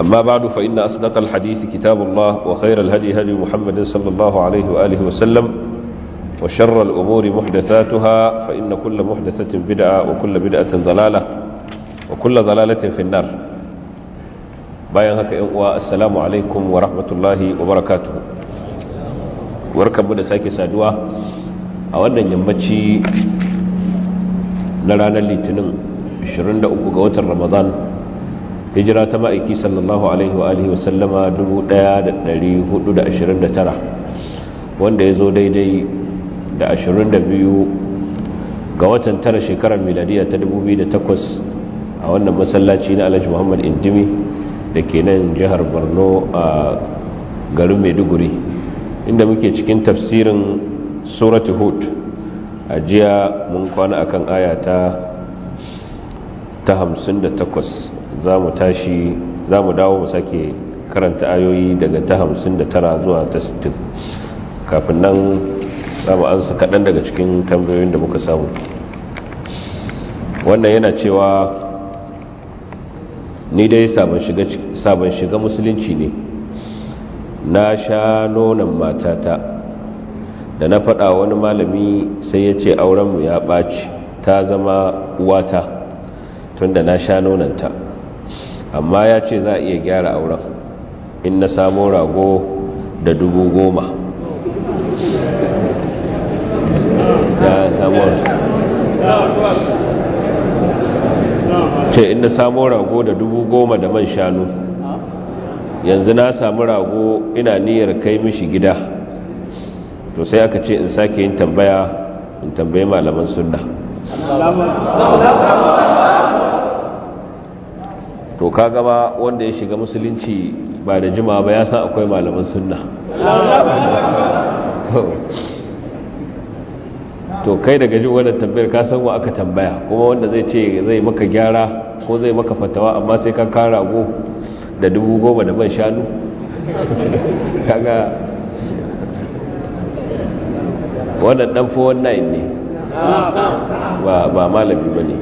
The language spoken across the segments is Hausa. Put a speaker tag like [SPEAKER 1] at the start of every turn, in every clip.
[SPEAKER 1] أما بعد فإن أصدق الحديث كتاب الله وخير الهدي هدي محمد صلى الله عليه وآله وسلم وشر الأمور محدثاتها فإن كل محدثة بدعة وكل بدعة ضلالة وكل ضلالة في النار bayan haka yan uwa assalamu alaikum wa rahmatullahi wa barakatuh warkanmu da sake saduwa a wannan yammaci na ranar litinin 23 ga watan ramadan hijira ta ma'aiki sallallahu alaihi wa alihi wasallama 1429 wanda ya zo daidai da 22 ga watan tara shekarar miladiya ta 2008 a wannan masallaci na alhaji muhammad indimi da ke nan jihar borno a garin maiduguri inda muke cikin tafsirin suratu hud a jiya mun kwana akan aya ta 58 za mu tashi za mu dawo mu sake karanta ayoyi daga ta hamsin da tara zuwa ta sittin kafin nan za mu ansa kaɗan daga cikin tambayoyin da muka samu wannan yana cewa ni dai sabon shiga musulunci ne na sha nonon matata da na faɗa wani malami sai ya ce aurenmu ya ɓaci ta zama uwata tunda na sha nonanta amma ya ce za a iya gyara auren in na samo rago da dubu goma ya ce in na rago da dubu goma da man shanu yanzu na samu rago ina niyyar kai mishi gida to sai aka ce in sake yin tambaya in tambaye malaman sunna to ka gaba wanda ya shiga musulunci ba da jima ba ya san akwai malaman sunna to kai daga jin wannan tambayar ka san wa aka tambaya kuma wanda zai ce zai maka gyara ko zai maka fatawa amma sai ka kara go da dubu goma da ban shanu kaga wannan dan 419 ne ba malami ba ne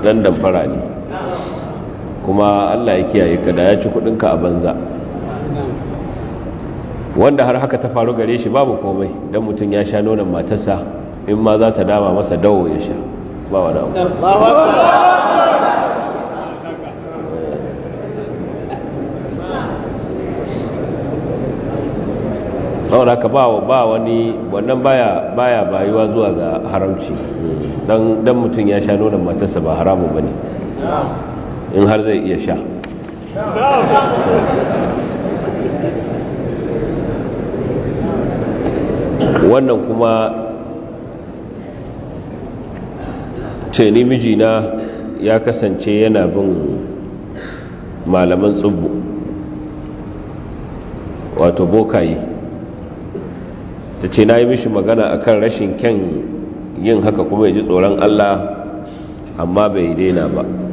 [SPEAKER 1] dan damfara ne kuma Allah ya kiyaye ka da ya ci kudinka a banza wanda har haka ta faru gare shi babu komai don mutum ya sha nonon matarsa in ma za ta dama masa dawo ya sha ba wani abu da ka ba wani wannan baya baya bayuwa zuwa ga haramci dan mutum ya sha nonon matarsa ba ba bane in har zai iya sha wannan kuma ce ni mijina ya kasance yana bin malaman tsubu wato bokaye ta ce na yi mishi magana akan rashin kyan yin haka kuma ya ji tsoron allah amma bai daina ba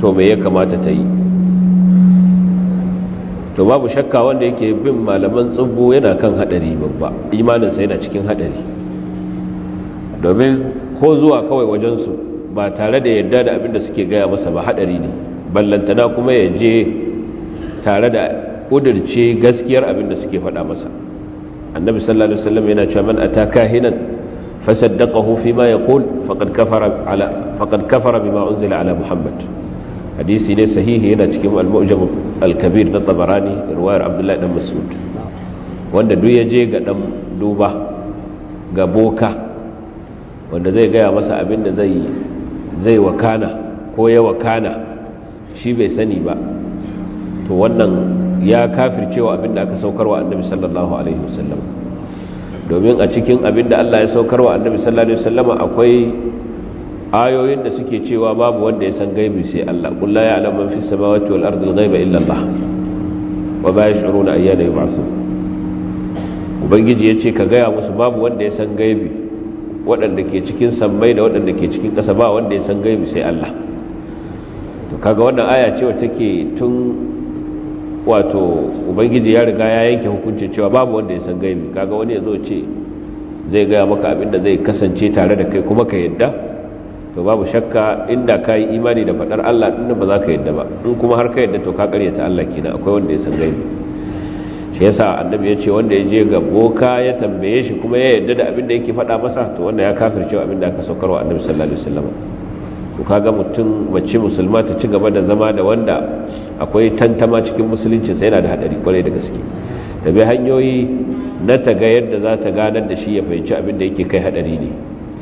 [SPEAKER 1] to me ya kamata ta yi to babu shakka wanda yake bin malaman tsibbo yana kan hadari babba imaninsa yana cikin hadari domin ko zuwa kawai wajensu ba tare da yadda da abinda suke gaya masa ba hadari ne ballantana kuma ya je tare da kudirce gaskiyar abinda suke faɗa masa annabi sallallahu alaihi wasallam yana cewa man ataka hinan fasaddaqahu fi ma yaqul faqad kafara ala faqad kafara bima unzila ala muhammad hadisi ne sahihi yana cikin al-mu'jam al-kabir na tabarani riwayar abdullahi dan mas'ud wanda duk ya je ga dan duba ga boka wanda zai gaya masa abin da zai zai wakana ko ya wakana shi bai sani ba to wannan ya kafircewa abin da aka saukarwa annabi sallallahu alaihi wasallam domin a cikin abin da Allah ya saukarwa annabi sallallahu alaihi wasallam akwai ayoyin da suke cewa babu wanda ya san gaibi sai Allah qul ya ya'lamu man samawati wal ardi ghaiba illa Allah wa ba yash'uruna ayyana yub'athu ubangiji yace ka gaya musu babu wanda ya san gaibi waɗanda ke cikin sammai da waɗanda ke cikin ƙasa ba wanda ya san gaibi sai Allah to kaga wannan aya cewa take tun wato ubangiji ya riga ya yanke hukuncin cewa babu wanda ya san gaibi kaga wani ya zo ce zai gaya maka abin da zai kasance tare da kai kuma ka yadda to babu shakka inda ka yi imani da faɗar Allah inda ba za ka yadda ba in kuma har ka yadda to ka karyata Allah kina akwai wanda ya san gaibi shi yasa annabi ya ce wanda ya je ga boka ya tambaye shi kuma ya yadda da abin da yake faɗa masa to wanda ya kafirce abin da aka saukar wa annabi sallallahu alaihi wasallam to kaga mutum mace musulma ta ci gaba da zama da wanda akwai tantama cikin musulunci sai yana da hadari kwarai da gaske ta bi hanyoyi na ta ga yadda za ta ganar da shi ya fahimci abin da yake kai hadari ne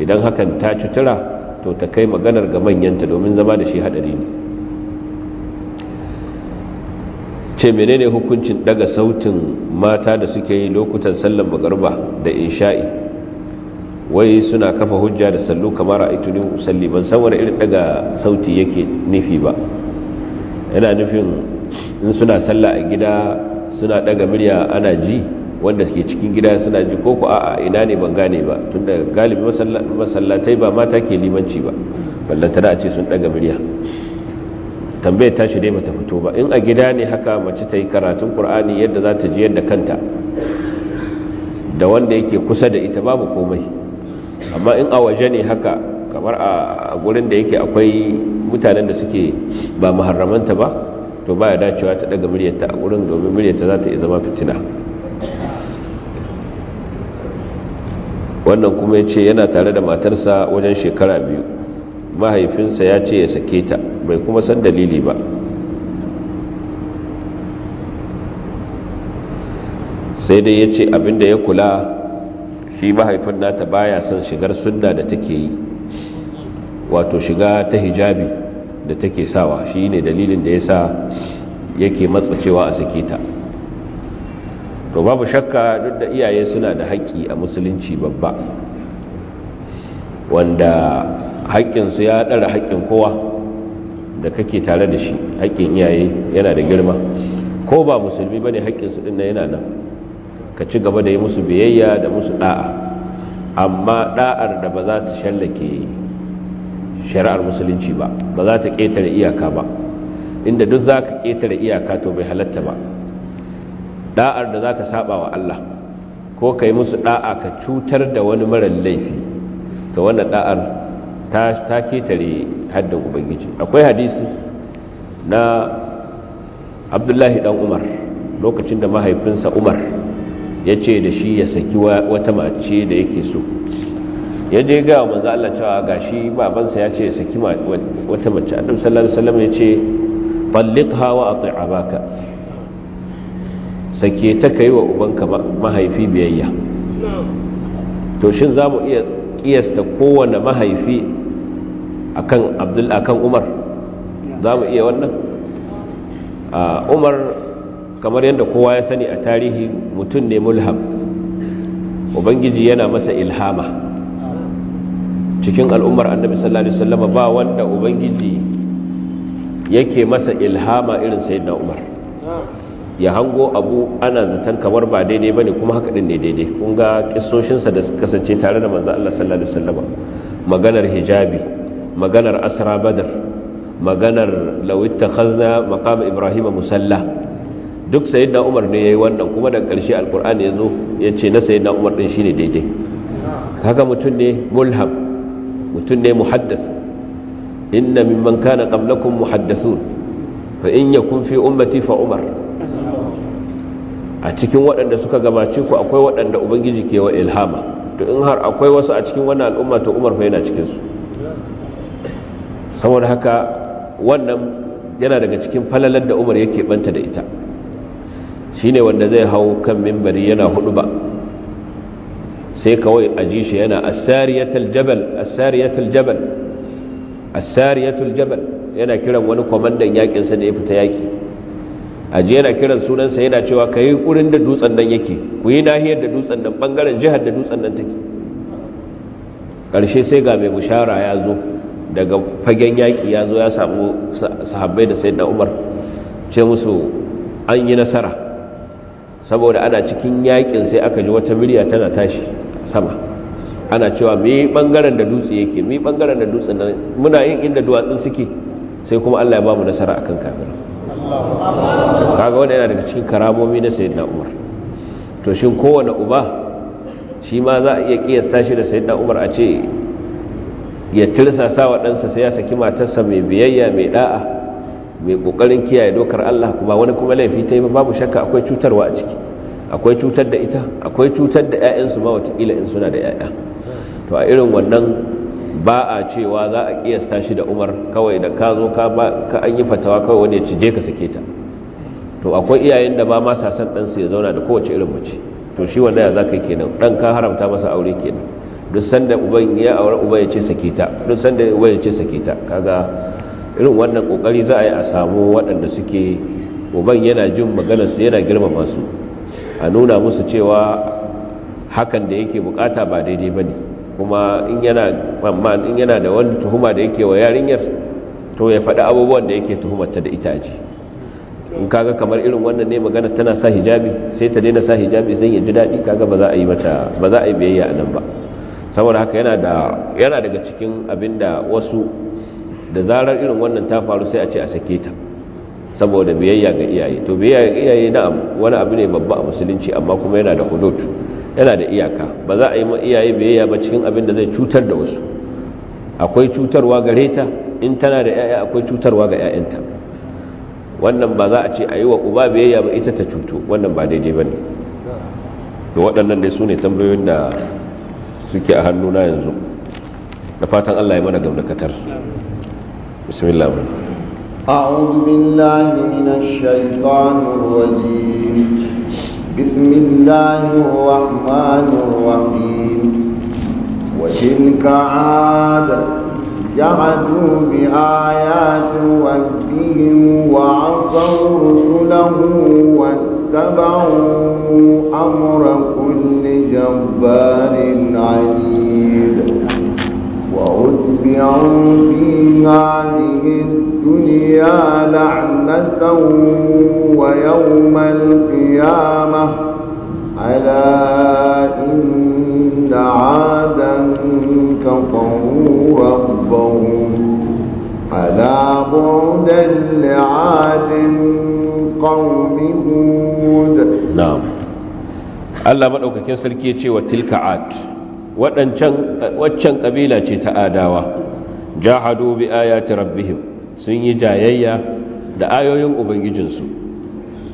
[SPEAKER 1] idan hakan ta cutura to ta kai maganar ga manyanta domin zama da shi hadari ne ce menene hukuncin daga sautin mata da suke yi lokutan sallan magarba da insha'i wai suna kafa hujja da sallu kamar a ituni musalli ban san wani irin daga sauti yake nufi ba yana nufin in suna sallah a gida suna daga murya ana ji wanda suke cikin gida suna ji ko ku a'a ina ne ban gane ba tunda galibi masallatai ba mata ke limanci ba ballantana a ce sun daga murya tambayar tashi dai bata fito ba in a gida ne haka mace ta yi karatun qur'ani yadda za ta ji yadda kanta da wanda yake kusa da ita babu komai amma in a waje ne haka kamar a gurin da yake akwai mutanen da suke ba muharramanta ba to baya dacewa ta daga muryarta a gurin domin muryarta za ta iya zama fitina wannan kuma ya ce yana tare da matarsa wajen shekara biyu mahaifinsa ya ce ya sake ta bai kuma san dalili ba sai dai ya ce abinda ya kula shi mahaifin nata baya son shigar sunna da take yi wato shiga ta hijabi da take sawa shi ne dalilin da ya sa yake matsa cewa a sake ta to babu shakka duk da iyaye suna da haƙƙi a musulunci babba wanda haƙƙinsu ya ɗara haƙƙin kowa da kake tare da shi haƙƙin iyaye yana da girma ko ba musulmi ba ne haƙƙinsu ɗin na yana nan ka ci gaba da yi musu biyayya da musu ɗa'a amma ɗa'ar da ba za ta shallake shari'ar musulunci ba ba za ta ƙetare iyaka ba inda duk za ka ƙetare iyaka to bai halatta ba da'ar da za ka saba wa Allah ko kai musu da'a ka cutar da wani mara laifi to wannan da'ar ta ta ketare haddan ubangiji akwai hadisi na Abdullahi dan Umar lokacin da mahaifinsa Umar ya ce da shi ya saki wata mace da yake so ya je ga manzo Allah cewa gashi babansa ya ce ya saki wata mace annabi sallallahu alaihi wasallam ya ce wa ati sake ta kai wa ubanka mahaifi biyayya to shin za mu iya kiyasta kowane mahaifi akan abdul akan umar za mu iya wannan umar kamar yadda kowa ya sani a tarihi mutum ne mulham ubangiji yana masa ilhama cikin al'ummar annabi sallallahu alaihi wasallam ba wanda ubangiji yake masa ilhama irin sayyidina umar ya hango abu ana zaton kamar ba daidai ba ne kuma haka din ne daidai kun ga kissoshinsa da kasance tare da manzo Allah sallallahu alaihi wasallam maganar hijabi maganar asra badar maganar law ittakhadna maqam Ibrahim musalla duk sayyidina umar ne yayi wannan kuma da karshe alqur'ani yazo yace na sayyidina umar din shine daidai kaga mutun ne mulham mutun ne muhaddath inna mimman kana qablakum muhaddathun fa in yakun fi ummati fa umar a cikin waɗanda suka gabace ku akwai waɗanda ubangiji ke wa ilhama to in har akwai wasu a cikin wannan al'umma to umar fa yana cikin su saboda haka wannan yana daga cikin falalar da umar yake banta da ita shine wanda zai hau kan mimbari yana hudu ba sai kawai a ji shi yana asariyatul jabal asariyatul jabal asariyatul jabal yana kiran wani kwamandan yakinsa da ya fita yaki Ajiye yana kiran sunansa yana cewa ka yi ƙurin da dutsen nan yake ku yi nahiyar da dutsen nan ɓangaren jihar da dutsen nan take ƙarshe sai ga mai bushara ya zo daga fagen yaƙi ya zo ya samu sahabbai da sayyidina umar ce musu an yi nasara saboda ana cikin yaƙin sai aka ji wata murya tana tashi sama ana cewa mai ɓangaren da dutse yake mai ɓangaren da dutsen nan muna yin inda duwatsun suke sai kuma allah ya ba mu nasara akan kafirin kaga wanda yana daga cikin karamomi na sayi na'umar to shin kowane uba shi ma za a iya kiyasta shi da sayi naumar a ce ya tirsa sa wa ɗansa sai ya saki matarsa mai biyayya mai da'a mai ƙoƙarin kiyaye dokar Allah kuma wani kuma laifi ta yi babu shakka akwai cutarwa a ciki akwai cutar da ita akwai cutar da 'ya'yansu ma watakila in suna da 'ya'ya to a irin wannan ba a cewa za a kiyasta shi da umar kawai da ka zo ka an yi fatawa kawai wani ya ci je ka sake ta to akwai iyayen da ba masa sa san ɗansu ya zauna da kowace irin mace to shi wanda ya za ka kenan ɗan ka haramta masa aure kenan duk sanda uban ya aure uban ya ce sake ta duk sanda uban ya ce sake ta kaga irin wannan kokari za a yi a samu waɗanda suke uban yana jin maganar su yana girmama su a nuna musu cewa hakan da yake bukata ba daidai bane kuma in yana da wani tuhuma da yake wa yarinyar to ya faɗi abubuwan da yake tuhumarta da ita aji in kaga kamar irin wannan ne magana tana sa hijabi sai ta daina sa hijabi sai ya ji daɗi kaga ba za a yi mata ba za a yi biyayya anan ba saboda haka yana da yana daga cikin abinda wasu da zarar irin wannan ta faru sai a ce a sake ta saboda biyayya ga iyaye to biyayya ga iyaye na wani abu ne babba a musulunci amma kuma yana da hudud yana da iyaka ba za a yi iyaye biyayya ba cikin abin da zai cutar da wasu akwai cutarwa gare ta in tana da 'ya'ya akwai cutarwa ga 'ya'yanta wannan ba za a ce a yi wa uba biyayya ba ita ta cuto, wannan ba daidai ba ne da waɗannan dai su ne tambayoyin da suke a hannuna yanzu da fatan allah ya mana gamdakatar
[SPEAKER 2] بسم الله الرحمن الرحيم وتلك عاد جعلوا بآيات ربهم وعصوا رسله واتبعوا أمر كل جبار عليم وأتبعوا في هذه الدنيا لعنة ويوم القيامة ألا إن عادا كفروا ربهم ألا بعدا لعاد قوم هود نعم
[SPEAKER 1] الله مدعوك كسر كيتشي وتلك عاد Waɗancan waccan ƙabila ce ta adawa jahadu bi ayati rabbihim sun yi jayayya da ayoyin ubangijinsu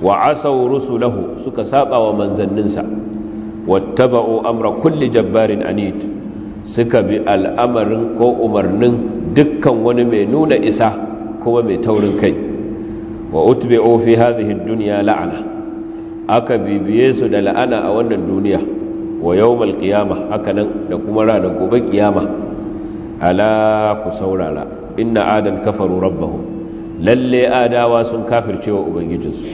[SPEAKER 1] wa asaw rusulahu suka saba wa manzanninsa wattaba'u amra kulli jabbarin anid suka bi al'amarin ko umarnin dukkan wani mai nuna isa kuma mai taurin kai wa utbi'u fi hadhihi ad-dunya la'ana aka bibiye su da la'ana a wannan duniya wa yawmal qiyama hakanan da kuma ranar gobe kiyama ala ku saurara inna adan kafaru rabbahum lalle adawa sun kafirce wa ubangijinsu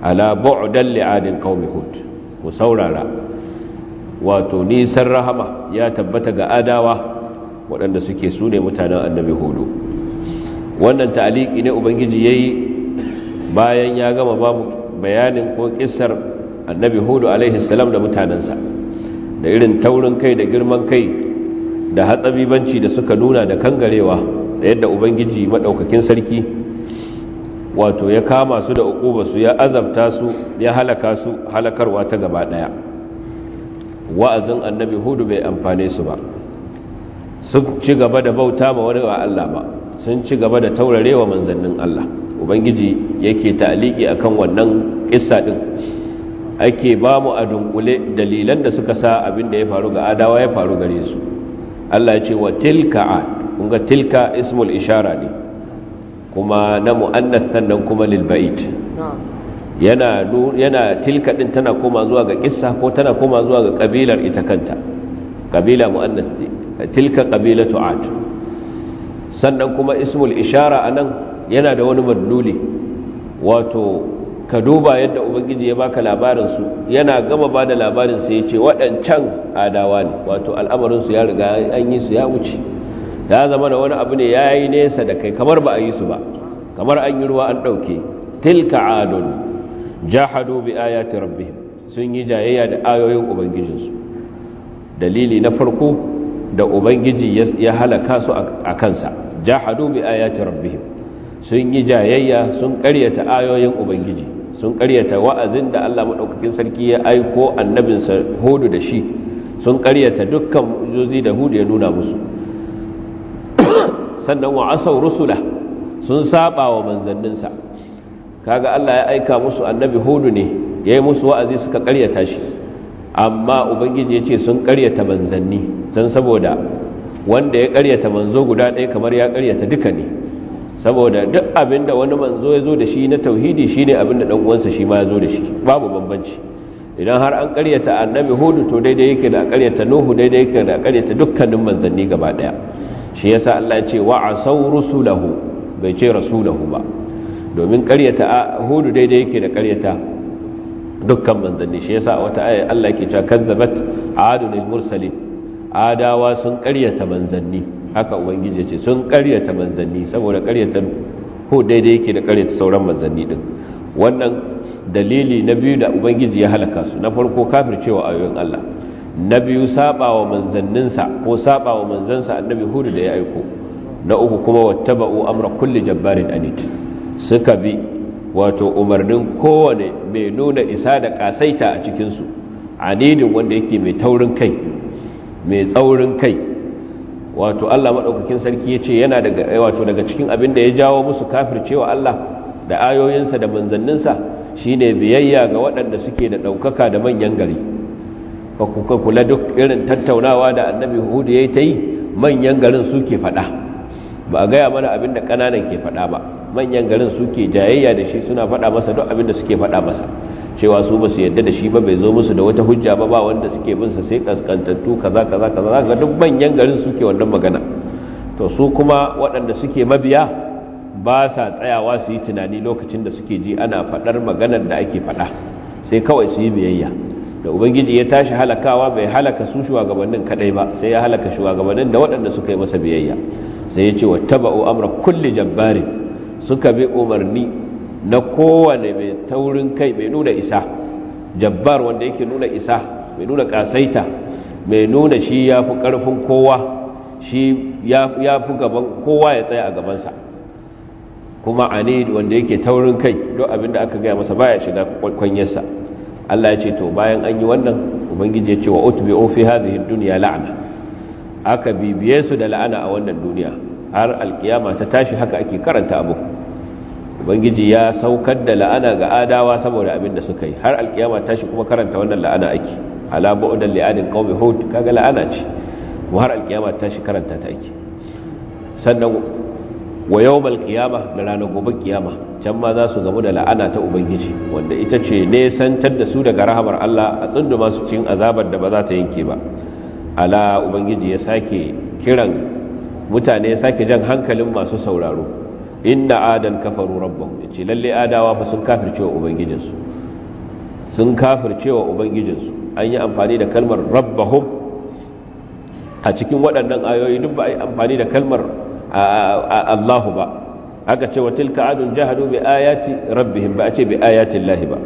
[SPEAKER 1] ala bu'dan li adin qaumi hud ku saurara wato nisan rahama ya tabbata ga adawa waɗanda suke sune mutanen annabi hudu wannan ta'aliki ne ubangiji yayi bayan ya gama babu bayanin ko kissar annabi hudu alaihi salam da mutanensa da irin taurin kai da girman kai da banci da suka nuna da kangarewa da yadda ubangiji maɗaukakin sarki wato ya kama su da uquba su ya azabta su ya halaka su halakarwa ta gaba ɗaya wa'azin annabi hudu bai amfane su ba sun ci gaba da bauta ma wani ba Allah ba sun ci gaba da taurarewa manzannin Allah ubangiji yake ta'aliki akan wannan ƙissa ɗin ake ba mu a dunkule dalilan da suka sa abin da ya faru ga adawa ya faru gare su Allah ya ce wa tilka ad kun ga tilka ismul ishara ne kuma na mu'annas sannan kuma lil bait yana yana tilka din tana koma zuwa ga kissa ko tana koma zuwa ga kabilar ita kanta kabila mu'annas tilka qabilatu ad sannan kuma ismul ishara anan yana da wani madluli wato ka duba yadda ubangiji ya baka labarin su yana gama bada labarin sai ya ce waɗancan adawa ne wato al'amarin su ya riga an yi su ya wuce ya zama da wani abu ne yayi nesa da kai kamar ba a yi su ba kamar an yi ruwa an dauke tilka adun jahadu bi ayati rabbihim sun yi jayayya da ayoyin ubangijinsu dalili na farko da ubangiji ya halaka su a kansa jahadu bi ayati rabbihim sun yi jayayya sun karyata ayoyin ubangiji sun karyata wa'azin da Allah maɗaukakin sarki ya aiko annabinsa hudu da shi sun karyata dukkan juzi da hudu ya nuna musu sannan wa asau rusula sun saba wa manzanninsa kaga Allah ya aika musu annabi hudu ne ya yi musu wa'azi suka karyata shi amma ubangiji ya ce sun karyata manzanni don saboda wanda ya karyata manzo guda ɗaya kamar ya karyata duka ne saboda duk abinda wani manzo ya zo da shi na tauhidi shi ne abin da ɗan'uwansa shi ma ya zo da shi babu bambanci idan har an ƙaryata annabi hudu to daidai yake da ƙaryata nuhu daidai yake da ƙaryata dukkanin manzanni gaba ɗaya shi yasa Allah ya ce wa'asau rusulahu bai ce rasulahu ba domin ƙaryata hudu daidai yake da ƙaryata dukkan manzanni shi yasa wata aya Allah yake cewa kazzabat adunin mursalin adawa sun ƙaryata manzanni haka ubangiji ce sun karyata manzanni saboda karyata ko daidai yake da karyata sauran manzanni din wannan dalili na biyu da ubangiji ya halaka su na farko cewa ayoyin Allah na biyu sabawa manzanninsa ko sabawa manzansa annabi hudu da ya aiko na uku kuma wattaba'u amra kulli jabbarin anit suka bi wato umarnin kowane mai nuna isa da kasaita a cikinsu anidin wanda yake mai taurin kai mai tsaurin kai wato Allah maɗaukakin sarki ya ce yana daga eh, wato daga cikin abin da ya jawo musu cewa Allah da ayoyinsa da manzanninsa shi ne biyayya ga waɗanda suke da ɗaukaka da manyan gari ba kula duk irin tattaunawa da annabi hudu ya yi ta yi manyan garin su ke faɗa ba a gaya mana abin da ƙananan ke faɗa ba manyan garin suke jayayya da shi suna faɗa masa duk abin da suke faɗa masa cewa su ba su yadda da shi ba bai zo musu da wata hujja ba ba wanda suke bin sa sai kaskantattu kaza kaza kaza duk manyan garin suke wannan magana to su kuma waɗanda suke mabiya ba sa tsayawa su yi tunani lokacin da suke ji ana faɗar maganar da ake faɗa sai kawai su yi biyayya da ubangiji ya tashi halakawa bai halaka su shugabannin kadai ba sai ya halaka shugabannin da waɗanda suka yi masa biyayya sai ya ce wa taba'u amra kulli jabbarin suka bi umarni na kowane mai taurin kai mai nuna isa jabbar wanda yake nuna isa mai nuna kasaita mai nuna shi ya fi ƙarfin kowa shi ya fi gaban kowa ya tsaya a gabansa kuma ne wanda yake taurin kai don abin da aka gaya masa baya shiga kwanyarsa Allah ya ce to bayan an yi wannan ubangiji ya ce wa utbi'u fi hazihin duniya la'ana. aka bibiye su da la'ana a wannan duniya har alkiyama ta tashi haka ake karanta abu ubangiji ya saukar da la'ana ga adawa saboda abin da suka yi har alkiyama tashi kuma karanta wannan la'ana ake ala ba'udan li'adin qaumi hud kaga la'ana ce kuma har alkiyama tashi karanta ta ake sannan wa yawmal da ranar gobe kiyama can ma za su gamu da la'ana ta ubangiji wanda ita ce ne nesantar da su daga rahamar Allah a tsunduma su cikin azabar da ba za ta yanke ba ala ubangiji ya sake kiran mutane ya sake jan hankalin masu sauraro inna adan kafaru rabbahum yace lalle adawa fa sun kafircewa ubangijinsu sun kafircewa ubangijinsu an yi amfani da kalmar rabbahum a cikin waɗannan ayoyi duk ba a yi amfani da kalmar Allahu ba aka ce wa tilka adun jahadu bi ayati rabbihim ba a ce bi ayati lahi ba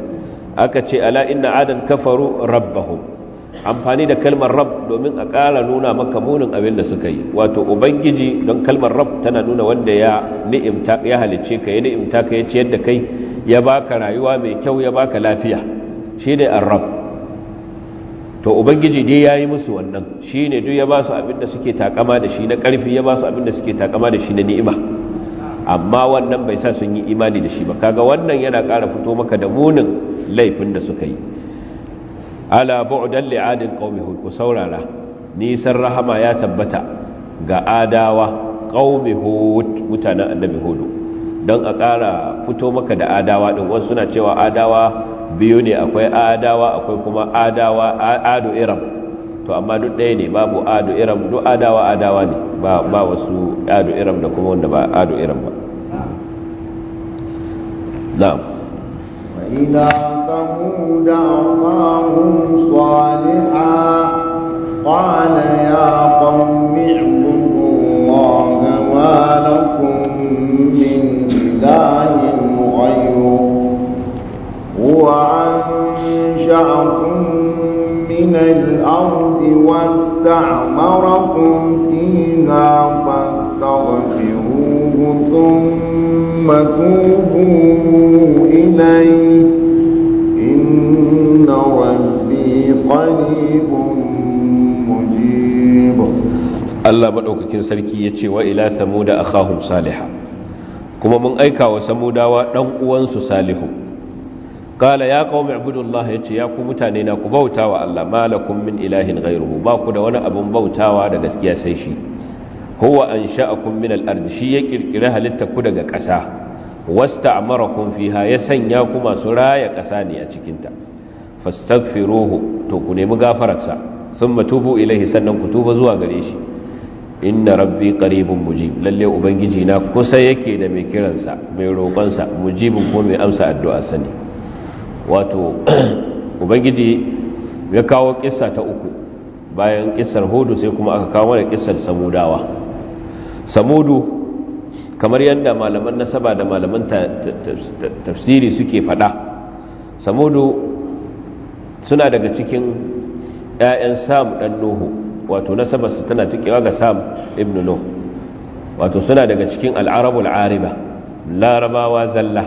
[SPEAKER 1] aka ce ala inna adan kafaru rabbahum amfani da kalmar rab domin a ƙara nuna maka munin abin da suka yi wato ubangiji don kalmar rab tana nuna wanda ya ni'imta ya halicce ka ya ni'imta ka ya ciyar da kai ya baka rayuwa mai kyau ya baka lafiya Shi ne rab to ubangiji dai ya yi musu wannan shi ne duk ya ba su abin da suke takama da shi na ƙarfi ya ba su abin da suke takama da shi na ni'ima amma wannan bai sa sun yi imani da shi ba kaga wannan yana ƙara fito maka da munin laifin da suka yi ala bu'dan li'adin qaumi hud ku saurara nisan rahama ya tabbata ga adawa qaumi hud mutanen annabi hud don a ƙara fito maka da adawa din wasu suna cewa adawa biyu ne akwai adawa akwai kuma adawa adu iram to amma duk ɗaya ne babu adu iram duk adawa adawa ne ba ba wasu adu iram da kuma wanda ba adu iram ba na'am wa ila
[SPEAKER 2] ثمود أخاهم صالحا قال يا قوم اعبدوا الله ما لكم من إله غيره هو أنشأكم من الأرض واستعمركم فيها فاستغفروه ثم توبوا إليه إن ربي قريب
[SPEAKER 1] مجيب الله مدوكاكين سركي يتي وإلى ثمود أخاهم صالحا كما من أيكا وثمود ودنقوان صالح قال يا قوم اعبدوا الله يتي يا قوم تانينا كبوتا وألا ما لكم من إله غيره باكو دوانا أبن بوتا ودقسكيا سيشي هو أنشأكم من الأرض شيء كرها لتكو دقا كساه wasta a amarakun fiha ya sanya kuma masu raya ƙasa ne a cikinta roho to ku nemi gafararsa sun matubu ilahi sannan ku tuba zuwa gare shi inna rabbi qaribun mujib lalle ubangiji na kusa yake da mai kiransa mai roƙonsa mujibin ko mai amsa addu'a sani wato ubangiji ya kawo ƙisa ta uku bayan ƙisar hudu sai kuma aka kawo da kissar samudawa samudu kamar yadda malaman nasaba da malaman tafsiri suke fada samudu suna daga cikin 'ya'yan sam dan nuhu wato su tana cikewa ga sam ibn nuhu wato suna daga cikin al'arabul ariba larabawa zalla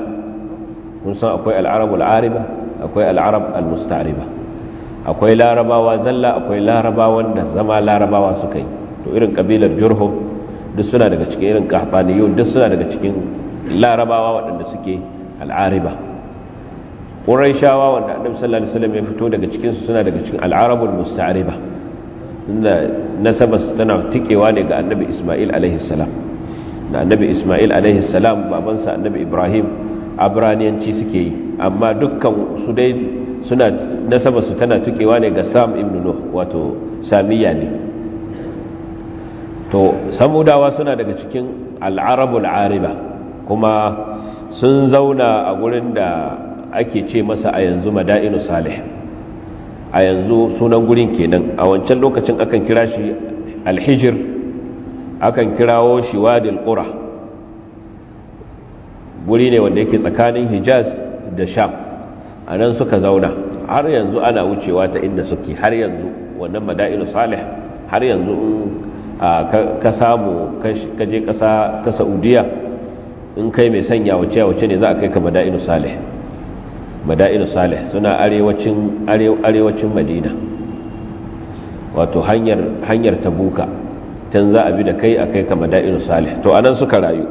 [SPEAKER 1] kun san akwai al'arabul ariba akwai al'arab al-musta'riba akwai larabawa zalla akwai larabawan da zama larabawa suka yi to irin kabilar jurhum duk suna daga cikin irin kahbaniyun duk suna daga cikin larabawa waɗanda suke al'ariba ƙuraishawa wanda annabi sallallahu alaihi wasallam ya fito daga cikin su suna daga cikin al'arabul musta'riba inda nasaba tana tikewa ne ga annabi Isma'il alaihi salam da annabi Isma'il alaihi salam babansa annabi Ibrahim abraniyanci suke yi amma dukkan su dai suna nasaba su tana tikewa ne ga Sam ibn Nuh wato Samiyya ne to samudawa suna daga cikin al'arabul ariba kuma sun zauna a gurin da ake ce masa a yanzu mada'inu salih a yanzu sunan gurin kenan a wancan lokacin akan kira shi alhijir akan kirawo shi wadil qura guri ne wanda yake tsakanin hijaz da sham a nan suka zauna har yanzu ana wucewa ta inda suke har yanzu wannan mada'inu salih har yanzu ka samu ka je ƙasa ta saudiya in kai mai sanya wace wace ne za a kai ka mada'inu salih mada'inu salih suna arewacin madina wato hanyar tabuka can za a bi da kai a kai ka mada'inu salih to anan suka rayu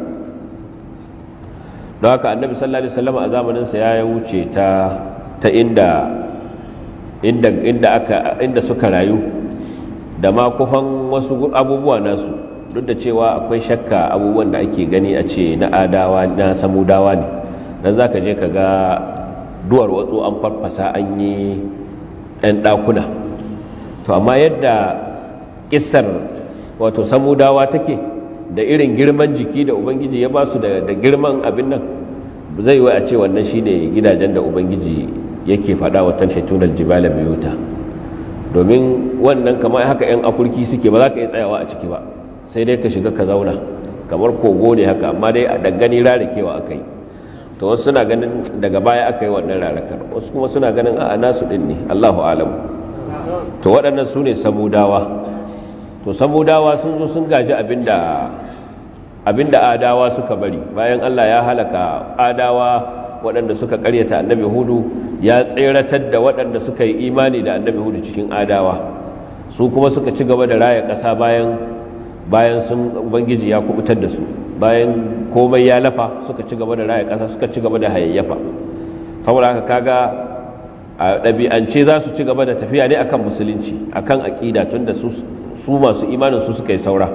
[SPEAKER 1] don haka annabi sallallahu alaihi wasallam a zamaninsa ya wuce ta inda inda aka inda suka rayu da ma kufan wasu abubuwa nasu duk da cewa akwai shakka abubuwan da ake gani a ce na adawa na samudawa ne dan zaka je ka ga duwar watsu an farfasa an yi ɗan ɗakuna to amma yadda ƙisar wato samudawa take da irin girman jiki da ubangiji ya ba su da girman abin nan zai wa a ce wannan shi ne gidajen da ubangiji yake faɗa wa tanhitunan jibala biyuta domin wannan kamar haka 'yan akurki suke ba za ka yi tsayawa a ciki ba sai dai ka shiga ka zauna kamar kogo ne haka amma dai a dangane rarrakewa aka yi to wasu suna ganin daga baya aka yi wannan rarakar wasu kuma suna ganin a nasu din ne allahu alam to waɗannan su ne samudawa to samudawa sun zo sun gaji abinda adawa suka bari bayan allah ya halaka adawa waɗanda suka karyata annabi hudu ya tseratar da waɗanda suka yi imani da annabi hudu cikin adawa su kuma suka ci gaba da raya ƙasa bayan bayan sun ubangiji ya kubutar da su bayan komai ya lafa suka ci gaba da raya ƙasa suka ci gaba da hayayyafa saboda haka kaga a ɗabi'ance za su ci gaba da tafiya ne akan musulunci akan aƙida tun da su masu imanin su suka yi saura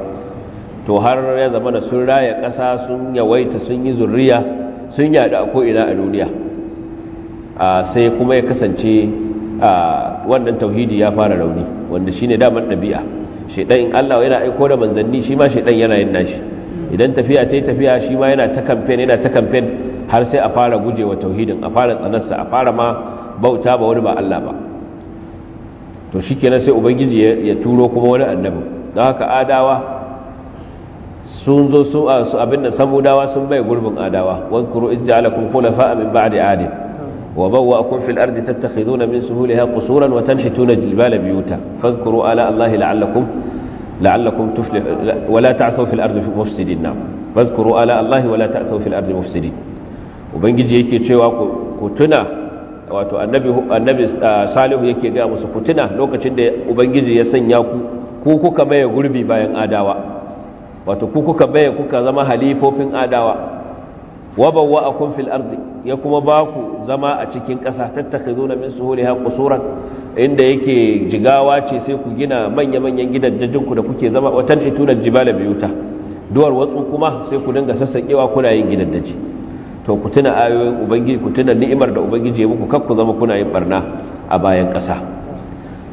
[SPEAKER 1] to har ya zama da sun raya ƙasa sun yawaita sun yi zurriya sun yaɗu a ina a duniya sai kuma ya kasance wannan tauhidi ya fara rauni wanda shine damar ɗabi'a shaidan in Allah yana aiko da manzanni shi ma shaidan yana yin nashi idan tafiya ta yi tafiya shi ma yana ta kamfen yana ta kamfen har sai a fara guje wa tauhidin a fara tsanarsa a fara ma bauta ba wani ba Allah ba to shikenan sai ubangiji ya turo kuma wani annabi don haka adawa sun zo ah, su abin da samudawa sun bai gurbin adawa wazkuru iz ja'alakum khulafa'a min ba'di 'ad wa bawwa'akum fil ardi tattakhiduna min suhuliha qusuran wa tanhituna jibala biyuta fadhkuru ala allahi la'allakum la'allakum tuflihun wa la ta'thaw fil ardi mufsidin fadhkuru ala allahi wa la ta'thaw fil ardi mufsidin ubangiji yake cewa ku tuna wato annabi annabi ah, salihu yake ga musu ku tuna lokacin da ubangiji ya sanya ku ku kuka maye gurbi bayan adawa wato ku kuka baye kuka zama halifofin adawa wa a fil ardi ya kuma ba ku zama a cikin ƙasa tattakhizuna min suhuliha qusuran inda yake jigawa ce sai ku gina manya-manyan gidajen ku da kuke zama wa tanhituna jibala biyuta duwar watsu kuma sai ku dinga sassakewa kuna yin gidaddaji to ku tuna ayoyin ubangiji ku tuna ni'imar da ubangiji ya muku kar ku zama kuna yin barna a bayan ƙasa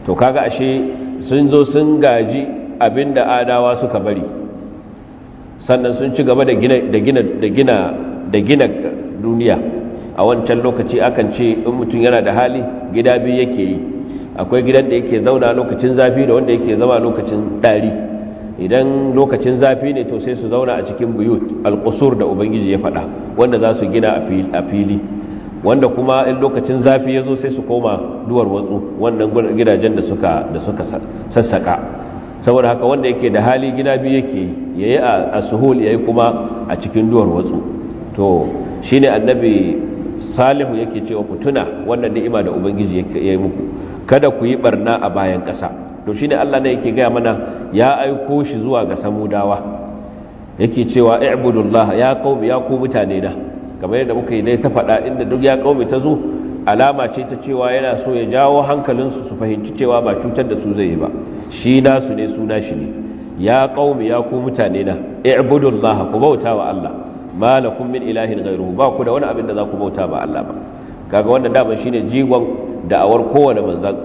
[SPEAKER 1] to kaga ashe sun zo sun gaji abinda adawa suka bari sannan sun ci gaba da gina da gina da gina da gina duniya a wancan lokaci akan ce in mutum yana da hali gida biyu yake yi akwai gidan da yake zauna lokacin zafi da wanda yake zama lokacin dari idan lokacin zafi ne to sai su zauna a cikin buyut alqusur da ubangiji ya faɗa wanda za su gina a fili wanda kuma in lokacin zafi ya zo sai su koma duwar watsu wannan gidajen da suka da suka sassaka saboda haka wanda yake da hali gida biyu yake ya yi a suhul yayi kuma a cikin duwar watsu to shine annabi salihu yake cewa ku tuna wannan ni'ima da ubangiji yayi muku kada ku yi barna a bayan kasa. to shine Allah ne yake gaya mana ya aiko shi zuwa ga samudawa yake cewa i'budullah ya qaumi ya ku mutane na kamar yadda muka yi dai ta faɗa inda duk ya qaumi ta zo alama ce ta cewa yana so ya jawo hankalinsu su fahimci cewa ba cutar da su zai yi ba shi nasu ne suna shi ne ya ƙaumi ya ku mutane na i'budullaha ku bauta wa Allah malakum min ilahin gairu ba ku da wani abin da za ku bauta ba Allah ba kaga wannan shi ne jigon da'awar kowane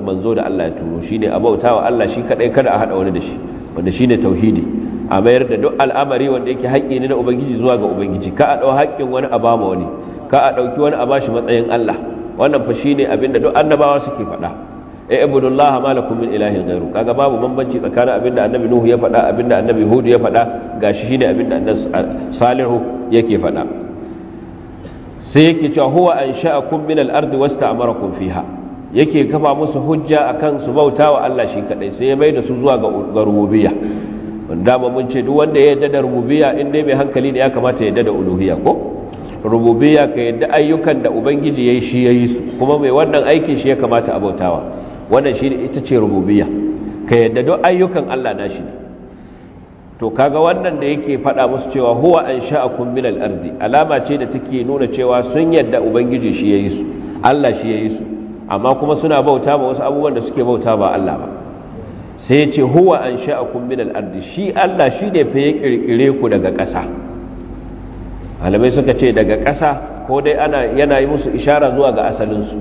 [SPEAKER 1] manzo da Allah ya turo ne a bauta wa Allah shi kaɗai kada a haɗa wani da shi wanda shi ne tauhidi a mayar da duk al'amari wanda yake haƙƙi ne na ubangiji zuwa ga ubangiji ka a ɗau haƙƙin wani a bama wani ka a ɗauki wani a bashi matsayin Allah wannan fa shi abin da duk annabawa suke faɗa eh ibudullah ma min ilahin ghairu kaga babu bambanci tsakanin abinda annabi nuhu ya faɗa abinda annabi hud ya faɗa gashi shine abinda annabi salihu yake faɗa sai yake cewa huwa ansha'akum min al-ardi wasta'marakum fiha yake kafa musu hujja akan su bauta wa Allah shi kadai sai ya mai da su zuwa ga rububiyya wanda mun ce duk wanda ya yarda da rububiyya in dai mai hankali ne ya kamata ya yarda da uluhiyya ko rububiyya ka yadda ayyukan da ubangiji yayi shi yayi su kuma mai wannan aikin shi ya kamata a bautawa wannan shi ita ce rububiyya ka yadda duk ayyukan Allah na shi to kaga wannan da yake faɗa musu cewa huwa an sha'akum min al-ardi alama ce da take nuna cewa sun yadda ubangiji shi yayi su Allah shi yayi su amma kuma suna bauta ba wasu abubuwan da suke bauta ba Allah ba sai ya ce huwa an sha'akum min al-ardi shi Allah shi ne fa ya kirkire ku daga ƙasa malamai suka ce daga ƙasa ko dai ana yana yi musu ishara zuwa ga asalin su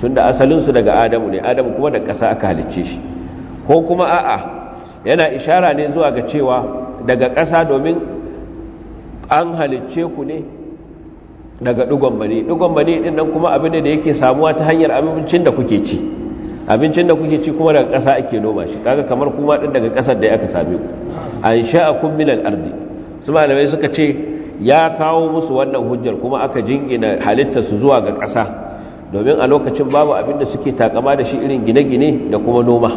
[SPEAKER 1] tunda asalinsu daga adamu ne adamu kuma da ƙasa aka halicce shi ko kuma a'a yana ishara ne zuwa ga cewa daga ƙasa domin an halicce ku ne daga ɗugon bane ɗugon bane ɗin nan kuma abin da yake samuwa ta hanyar abincin da kuke ci abincin da kuke ci kuma daga ƙasa ake noma shi kaga kamar kuma ɗin daga ƙasar da aka same ku an kun milan ardi su malamai suka ce ya kawo musu wannan hujjar kuma aka jingina halittarsu zuwa ga ƙasa domin a lokacin babu abin da suke takama da shi irin gine-gine da kuma noma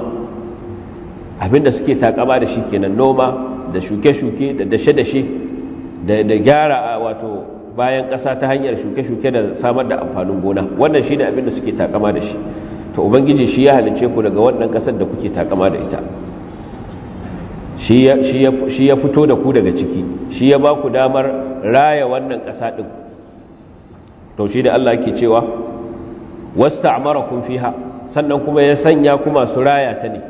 [SPEAKER 1] abin da suke takama da shi kenan noma da shuke-shuke da dashe-dashe da gyara a wato bayan ƙasa ta hanyar shuke-shuke da samar da amfanin gona wannan shi ne abin da suke takama da shi to ubangiji shi ya halice ku daga wannan ƙasar da kuke takama da ita shi ya fito da ku daga ciki shi ya ba ku damar raya wannan ƙasa ɗin to shi da allah ke cewa wasta'marakum ha sannan kuma ya sanya kuma su raya ta ne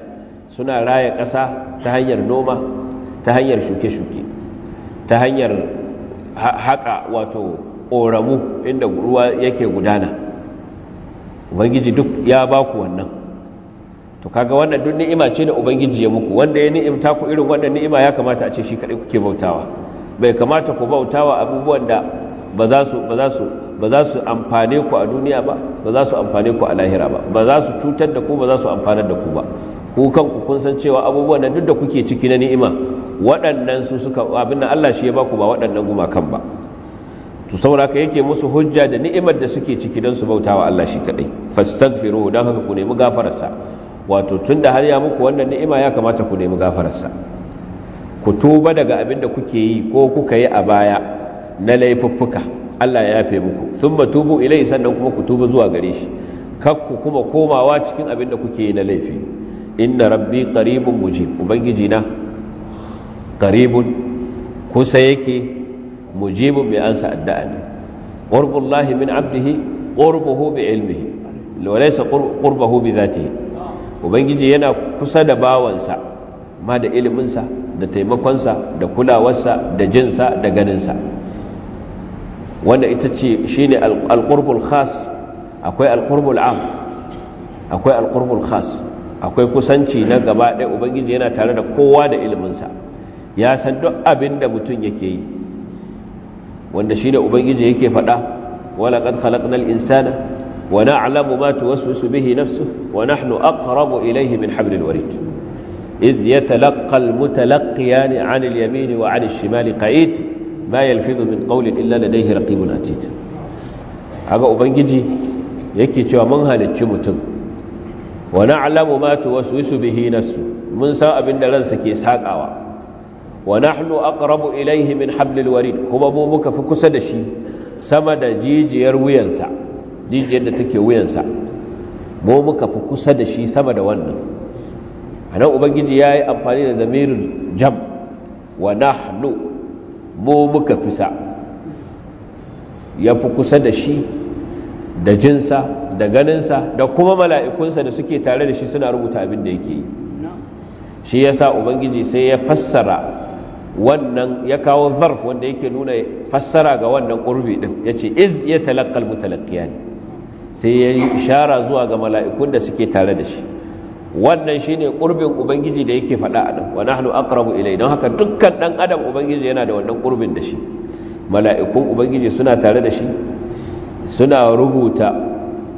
[SPEAKER 1] suna raya ƙasa ta hanyar noma ta hanyar shuke-shuke ta hanyar haƙa wato oramu inda ruwa yake gudana ubangiji duk ya ba ku wannan to kaga wannan duk ni'ima ce da ubangiji ya muku wanda ya ni'imta ku irin wannan ni'ima ya kamata a ce shi kaɗai kuke bautawa bai kamata ku bautawa abubuwan da ba za su ba za su amfane ku a duniya ba ba za su amfane ku a lahira ba ba za su cutar da ku ba za su amfanar da ku ba ku kanku kun san cewa abubuwan nan duk da kuke ciki na ni'ima waɗannan su suka abin Allah shi ya baku ba waɗannan gumakan ba to ka yake musu hujja da ni'imar da suke ciki don su bautawa Allah shi kadai fastaghfiru dan haka ku nemi gafararsa wato tunda har ya muku wannan ni'ima ya kamata ku nemi gafararsa ku tuba daga abin da kuke yi ko kuka yi a baya na laifuffuka Allah ya yafe muku sun tubu ilai sannan kuma ku tuba zuwa gare shi kakku kuma komawa cikin abin da kuke yi na laifi inna rabbi qaribun mujib ubangiji na qaribun kusa yake mujibun mai ansa addu'a ne qurbullahi min abdihi qurbuhu bi ilmihi wa laysa qurbuhu bi dhatihi ubangiji yana kusa da bawansa ma da iliminsa da taimakonsa da kulawarsa da jinsa da ganinsa wanda ita ce ne alqurbul khas akwai alqurbul am akwai alqurbul khas akwai kusanci na gaba ɗaya ubangiji yana tare da kowa da iliminsa ya san duk abin da mutum yake yi wanda ne ubangiji yake faɗa wala qad khalaqnal insana wa na'lamu ma tuwaswisu bihi nafsuhu wa nahnu aqrabu ilayhi min hablil warid إذ يتلقى المتلقيان عن اليمين وعن shimali ka'id? ma yalfizu min qawlin illa ladayhi raqibun atid haka ubangiji yake cewa mun halicci mutum wa na'lamu ma tuwaswisu bihi nafsu mun san abin da ransa ke sakawa wa nahnu aqrabu ilayhi min hablil warid kuma mu muka fi kusa da shi sama da jijiyar wuyansa jijiyar da take wuyansa mu muka fi kusa da shi sama da wannan anan ubangiji yayi amfani da zamirin jam wa nahnu mu muka fisa ya fi kusa da shi da jinsa da ganinsa da kuma mala'ikunsa da suke tare da shi suna rubuta abin da yake yi shi ya sa ubangiji sai ya fassara wannan ya kawo zarf wanda yake nuna fassara ga wannan ƙurbi ɗin ya ce iz ya talakkal mutalakkiya ne sai ya yi ishara zuwa ga mala'ikun da suke tare da shi wannan shine kurbin ubangiji da yake faɗa a nan wa nahnu aqrabu ilai don haka dukkan dan adam ubangiji yana da wannan kurbin da shi mala'ikun ubangiji suna tare da shi suna rubuta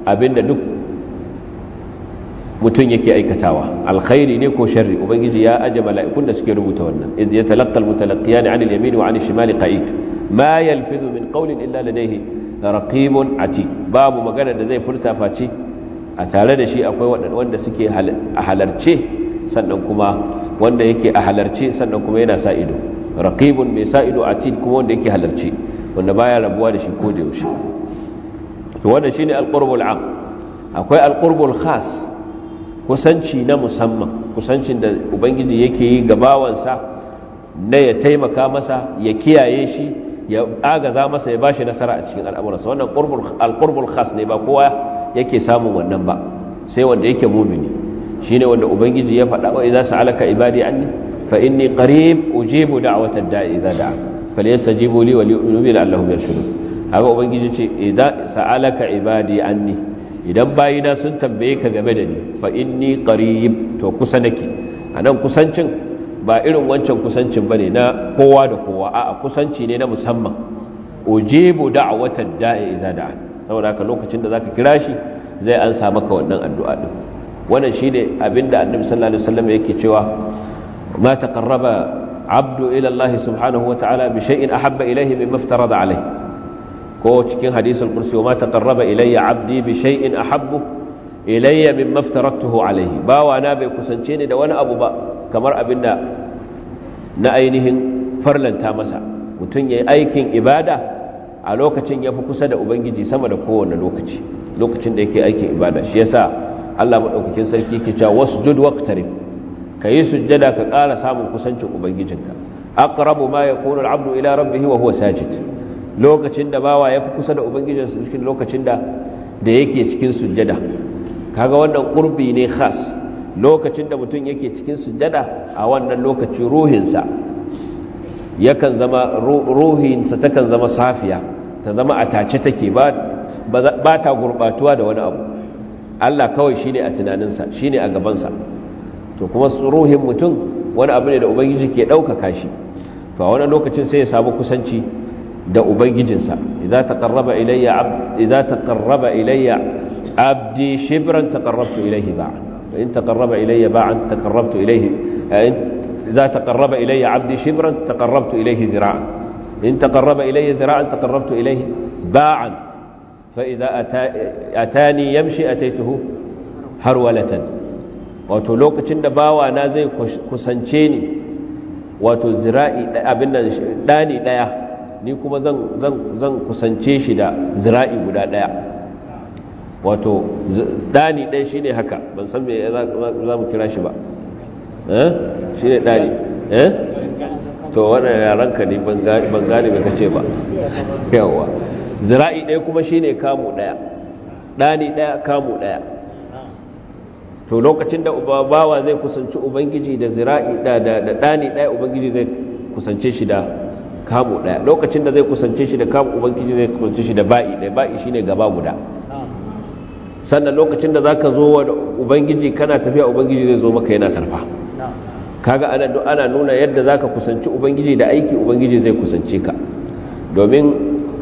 [SPEAKER 1] abinda duk mutum yake aikatawa alkhairi ne ko sharri ubangiji ya aje mala'ikun da suke rubuta wannan idh yatalaqqa almutalaqqiyan ani al-yamin wa 'an al-shimali qa'id ma yalfidhu min qawlin illa ladayhi raqibun 'atid babu magana da zai furta face a tare da shi akwai wanda suke a halarce sannan kuma wanda yake a halarce sannan kuma yana sa ido raqibun mai sa ido a tid kuma wanda yake halarce wanda baya rabuwa da shi ko da yaushe to wannan shine alqurbul am akwai alqurbul khas kusanci na musamman kusancin da ubangiji yake yi ga bawansa na ya taimaka masa ya kiyaye shi ya agaza masa ya bashi nasara a cikin al'amuransa wannan alqurbul khas ne ba kowa yake samun wannan ba sai wanda yake mumini shine wanda ubangiji ya faɗa wa idza sa'alaka ibadi anni fa inni qarib ujibu da'watad da'i idza da'a falyastajibu li wa liyu'minu bi la'allahum yashkurun haka ubangiji ce idza sa'alaka ibadi anni idan bayina sun tambaye ka game da ni fa inni qarib to kusa nake anan kusancin ba irin wancan kusancin bane na kowa da kowa a'a kusanci ne na musamman ujibu da'watad da'i idza da'a saboda haka lokacin da zaka kira shi zai ansa maka wannan addu'a din wannan shine abinda annabi sallallahu alaihi wasallam yake cewa ma taqarraba abdu ila Allah subhanahu wa ta'ala bi shay'in ahabba ilayhi mimma iftarada alayhi ko cikin hadisul kursi ma taqarraba ilayya abdi bi shay'in ahabbu ilayya mimma iftaradtuhu alayhi bawa na bai kusance ni da wani abu ba kamar abinda na ainihin farlanta masa mutum yayi aikin ibada a lokacin ya fi kusa da ubangiji sama da kowane lokaci lokacin da yake aikin ibada shi yasa Allah maɗaukakin sarki ke cewa jud waqtarib ka yi sujjada ka ƙara samun kusancin ubangijinka aqrabu ma yakunu al-abdu ila rabbihi wa huwa sajid lokacin da bawa ya fi kusa da ubangijinsa cikin lokacin da da yake cikin sujjada kaga wannan qurbi ne khas lokacin da mutum yake cikin sujjada a wannan lokaci ruhinsa yakan zama ruhinsa takan zama safiya ta zama a tace take ba ta gurbatuwa da wani abu Allah kawai shine a tunaninsa shine a gabansa to kuma ruhin mutum wani abu ne da ubangiji ke ɗaukaka shi to a wani lokacin sai ya samu kusanci da ubangijinsa idza taqarraba ilayya abd idza taqarraba ilayya abdi shibran taqarrabtu ilayhi ba'an in taqarraba ilayya ba'an taqarrabtu ilayhi إذا تقرب إلي عبدي شبرا تقربت إليه ذراعا إن تقرب إلي ذراعا تقربت إليه باعا فإذا أتاني يمشي أتيته harwalatan wato lokacin da bawa na zai kusance ni wato zira'i abin nan dani daya ni kuma zan zan kusance shi da zira'i guda ɗaya. wato dani daya shine haka ban san me mu kira shi ba Eh? shi ne ɗari eh? to wannan yaranka ne ban gane mai kace ba yawa zira'i ɗaya kuma shi ne kamu ɗaya ɗani ɗaya kamu ɗaya to lokacin da bawa zai kusanci ubangiji da zira'i da ɗani ɗaya ubangiji zai kusance shi da kamu ɗaya lokacin da zai kusance shi da kamu ubangiji zai kusance shi da ba'i ɗaya ba'i shi ne gaba guda sannan lokacin da za ka zo wa ubangiji kana tafiya ubangiji zai zo maka yana sarfa kaga ana ana nuna yadda zaka kusanci ubangiji da aiki ubangiji zai kusance ka domin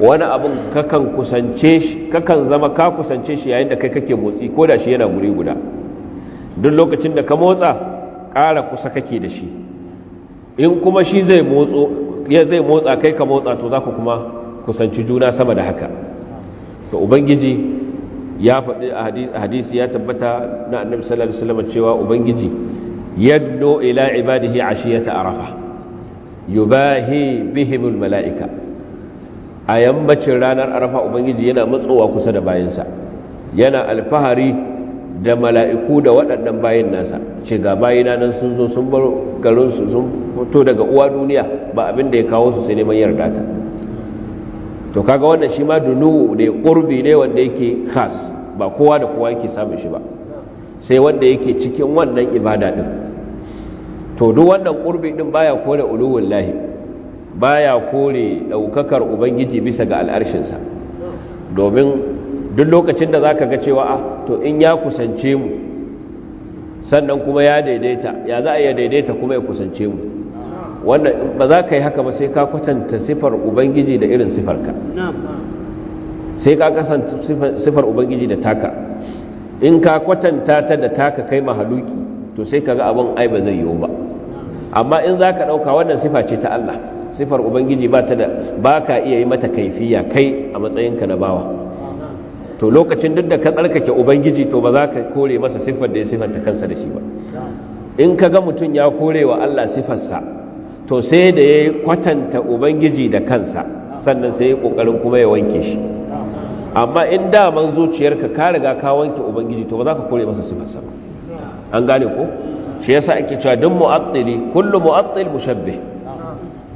[SPEAKER 1] wani abun kakan kusance shi kakan zama ka kusance shi yayin da kai kake motsi ko da shi yana guri guda duk lokacin da ka motsa ƙara kusa kake da shi in kuma shi zai motso ya zai motsa kai ka motsa to za ka kuma kusanci juna sama da haka to ubangiji ya faɗi a hadisi ya tabbata na annabi sallallahu alaihi wasallam cewa ubangiji yadno ila ibadihi ashiyata arafa yubahi bihimul mala'ika a yammacin ranar arafa ubangiji yana matsowa kusa da bayansa yana alfahari da mala'iku da waɗannan bayan nasa ce ga bayina nan sun zo sun bar su sun fito daga uwa duniya ba abin da ya kawo su sai neman yarda ta to kaga wannan shi ma dunu ne ƙurbi ne wanda yake khas ba kowa da kowa yake samun shi ba sai wanda yake cikin wannan ibada din to duk wannan qurbi din baya kore uluwul baya kore ɗaukakar ubangiji bisa ga al'arshin sa domin duk lokacin da zaka ga cewa ah to in ya kusance mu sannan kuma ya daidaita ya za a iya daidaita kuma ya kusance mu wannan ba za ka yi haka ba sai ka kwatanta sifar ubangiji da irin sifarka sai ka kasance sifar ubangiji da taka in ka kwatanta ta da taka kai mahaluki to sai ka ga abin ai ba zai yiwu ba amma in za ka ɗauka wannan sifa ce ta Allah sifar ubangiji ba ta da ka iya yi mata kaifiya kai a matsayinka na bawa to lokacin duk da ka tsarkake ubangiji to ba za ka kore masa sifar da ya sifanta kansa da shi ba in ka ga mutum ya kore wa Allah sifarsa to sai da ya kwatanta ubangiji da kansa sannan sai ya ƙoƙarin kuma ya wanke shi amma in daman zuciyarka ka riga ka wanke ubangiji to ba za ka kore masa sifarsa
[SPEAKER 3] ba
[SPEAKER 1] an gane ko shi yasa ake cewa duk mu'attili kullu mu'attil mushabbih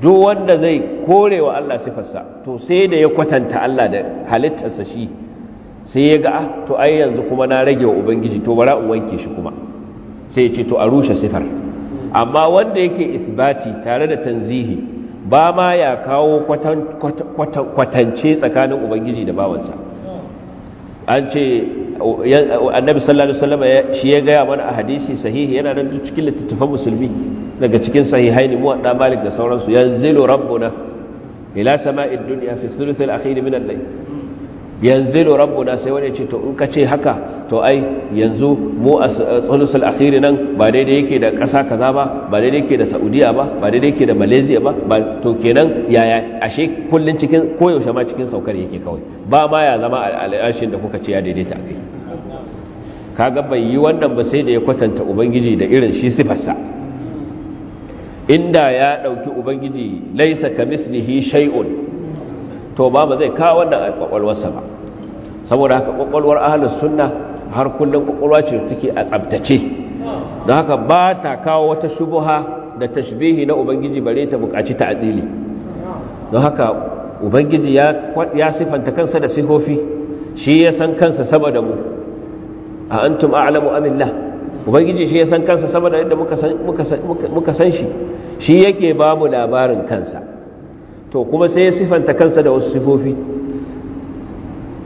[SPEAKER 1] duk wanda zai kore wa Allah sifarsa to sai da ya kwatanta Allah da halittarsa shi sai ya ga ah, to ai yanzu kuma na rage wa ubangiji to bara in wanke shi kuma sai ya ce to a rushe sifar amma wanda yake isbati tare da tanzihi ba ma ya kawo kwatance tsakanin ubangiji da bawansa an ce annabi sallallahu alaihi wasallam shi ya gaya mana a hadisi sahihi yana nan cikin littattafan musulmi daga cikin sahihai ne muwadda malik da sauransu yanzilu rabbuna ila sama'id dunya fi thuluthil akhir min al-layl yanzu yanzilu rabbuna sai wani ce to in ka ce haka to ai yanzu mu a tsulusul akhiri nan ba daidai yake da ƙasa kaza ba ba daidai yake da saudiya ba ba daidai yake da malaysia ba to kenan yaya ashe kullun cikin koyaushe ma cikin saukar yake kawai ba ma ya zama al'ashin da kuka ce ya daidaita kai ga bai yi wannan ba sai da ya kwatanta ubangiji da irin shi sifarsa inda ya dauki ubangiji laisa kamislihi shay'un to ba ba zai kawo wannan a kwakwalwarsa ba saboda haka kwakwalwar ahalus sunna har kullum kwakwalwa ce take a tsabtace don haka ba ta kawo wata shubuha da tashbihi na ubangiji bare ta bukaci adili don haka ubangiji ya ya sifanta kansa da sihofi shi ya san kansa saboda mu a antum a'lamu amillah ubangiji shi ya san kansa saboda yadda muka san muka san shi shi yake ba mu labarin kansa to kuma sai ya sifanta kansa da wasu sifofi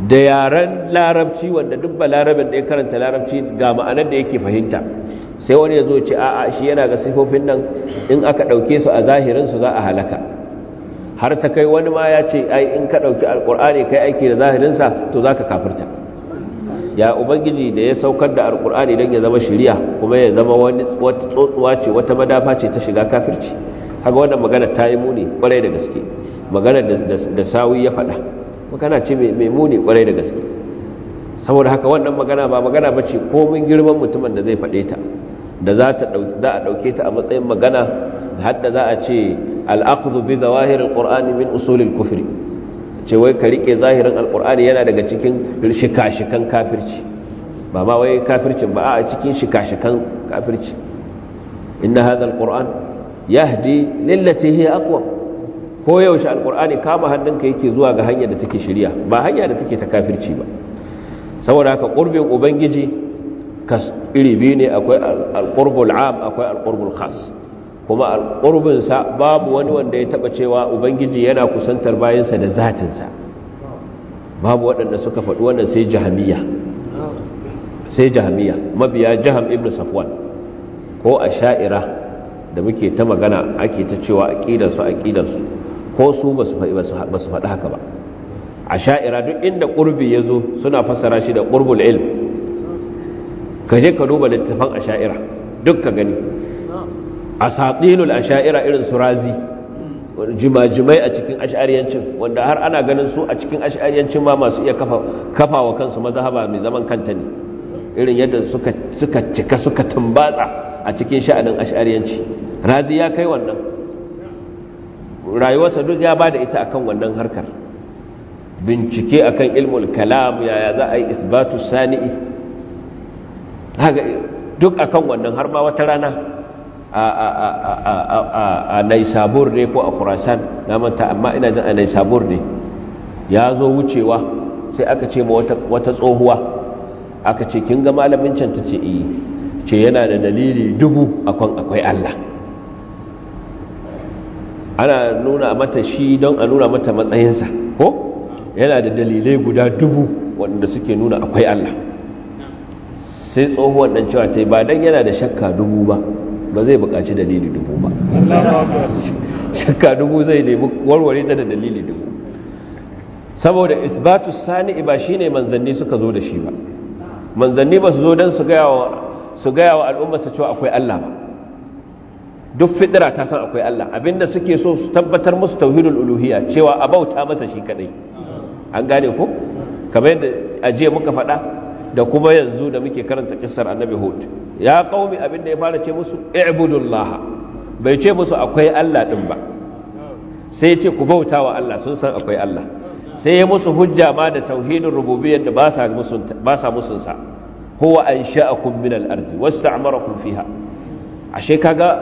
[SPEAKER 1] da yaren larabci wanda dubba larabin da ya karanta larabci ga ma'anar da yake fahimta sai wani ya zo ce a'a shi yana ga sifofin nan in aka ɗauke su a zahirinsu za a halaka har ta kai wani ma ya ce ai in ka ɗauki alƙur'ani kai aiki da zahirinsa to za ka kafirta ya ubangiji da ya saukar da alƙur'ani don ya zama shirya kuma ya zama wani wata tsotsuwa ce wata madafa ce ta shiga kafirci kaga wannan magana ta yi muni kwarai da gaske magana da sawi ya faɗa magana ce mai muni kwarai da gaske saboda haka wannan magana ba magana ba ce komin girman mutumin da zai faɗe ta da za a ɗauke ta a matsayin magana hadda za a ce al'akhudhu bi zawahirin qur'ani min usulil kufri ce wai ka rike zahirin alqur'ani yana daga cikin shika-shikan kafirci ba ma wai kafircin ba a cikin shika-shikan kafirci inna hadha alqur'an yahdi lillati hiya aqwa ko yaushe alqur'ani kama hannunka yake zuwa ga hanya da take shiriya ba hanya da take ta kafirci ba saboda haka qurbin ubangiji kas iri biyu ne akwai alqurbul am akwai alqurbul khas kuma alqurbin sa babu wani wanda ya taba cewa ubangiji yana kusantar bayansa da zatin sa babu wadanda suka fadu wannan sai jahamiya sai jahamiya mabiya jaham ibnu safwan ko asha'ira da muke ta magana ake ta cewa aqidarsu aqidarsu ko su basu su faɗi haka ba a sha'ira duk inda qurbi yazo suna fassara shi da qurbul ilm ka ka duba littafan a sha'ira duk ka gani a asha'ira a irin su razi jimajimai a cikin ash'ariyancin wanda har ana ganin su a cikin ash'ariyancin ma masu iya kafa wa kansu mazhaba mai zaman kanta ne irin yadda suka cika suka tumbatsa a cikin sha'anin ash'ariyanci razi ya kai wannan rayuwarsa duk ya ba da ita akan wannan harkar bincike akan ilmul kalam yaya za a yi isbatu sani'i duk akan wannan har ma wata rana a naisabur ne ko a khurasan na manta amma ina jin a naisabur ne ya zo wucewa sai aka ce ma wata tsohuwa aka ce kin ga malamin can ta ce iya eh. ce yana da dalili dubu akwai Allah ana nuna mata shi don a nuna mata matsayinsa ko yana da dalilai guda dubu wanda suke nuna akwai Allah sai tsohuwar dan cewa ta ba don yana da shakka dubu ba ba zai buƙaci dalili dubu ba shakka dubu zai nemi warware ta da dalili dubu saboda isbatu sani ba shine manzanni suka zo da shi ba manzanni ba su zo don su gaya wa su gaya wa al'ummarsa cewa akwai Allah ba duk fiɗira ta san akwai Allah abinda suke so su tabbatar musu tauhidul uluhiyya cewa a bauta masa shi kadai an gane ku kamar yadda ajiye muka faɗa da kuma yanzu da muke karanta kissar annabi hud ya qaumi abinda ya fara ce musu i'budullah bai ce musu akwai Allah din ba sai ya ce ku bauta wa Allah sun san akwai Allah sai ya musu hujja ma da tauhidul rububiyyah da ba sa ba sa musunsa huwa ansha'akum min wasu ardi fi ha ashe kaga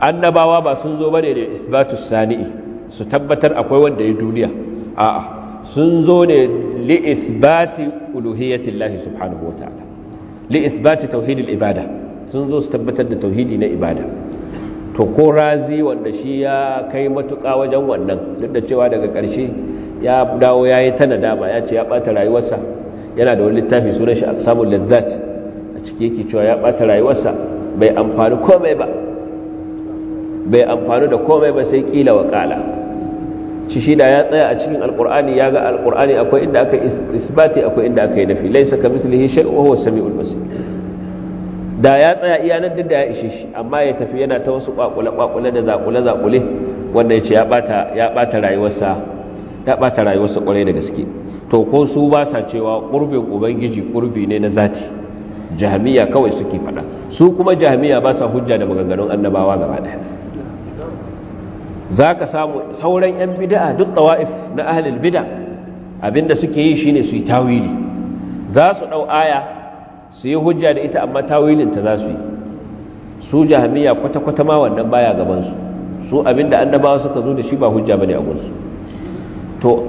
[SPEAKER 1] annabawa ba sun zo bane da isbatus sani'i su tabbatar akwai wanda ya duniya a'a sun zo ne li isbati uluhiyyati Allah subhanahu wa ta'ala li isbati tauhidil ibada sun zo su tabbatar da tauhidi na ibada to ko razi wanda shi ya kai matuƙa wajen wannan duk da cewa daga ƙarshe ya dawo ya yi ta nadama ya ce ya ɓata rayuwarsa yana da wani littafi sunan shi aqsamul lazzat a ciki yake cewa ya bata rayuwarsa bai amfani komai ba bai amfani da komai ba sai kila wa kala shi shi da ya tsaya a cikin alqur'ani ya ga alqur'ani akwai inda aka isbati akwai inda aka yi nafi laysa kamithlihi shay'un wa huwa samiul basir da ya tsaya iya nan duk da ya ishe shi amma ya tafi yana ta wasu kwakule-kwakule da zakule-zakule wanda ya ce ya bata rayuwarsa ya bata rayuwarsa kwarai da gaske to ko su ba sa cewa ƙurbin ubangiji ƙurbi ne na zati jahmiya kawai suke faɗa su kuma jahmiya ba sa hujja da maganganun annabawa gaba ɗaya za ka samu sauran 'yan bida'a duk tawa'if na ahalil bida abinda suke yi shine su yi tawili za su ɗau aya su yi hujja da ita amma tawilinta za su yi su jahmiya kwata-kwata ma wannan baya gabansu su abinda annabawa suka zo da shi ba hujja bane a gunsu to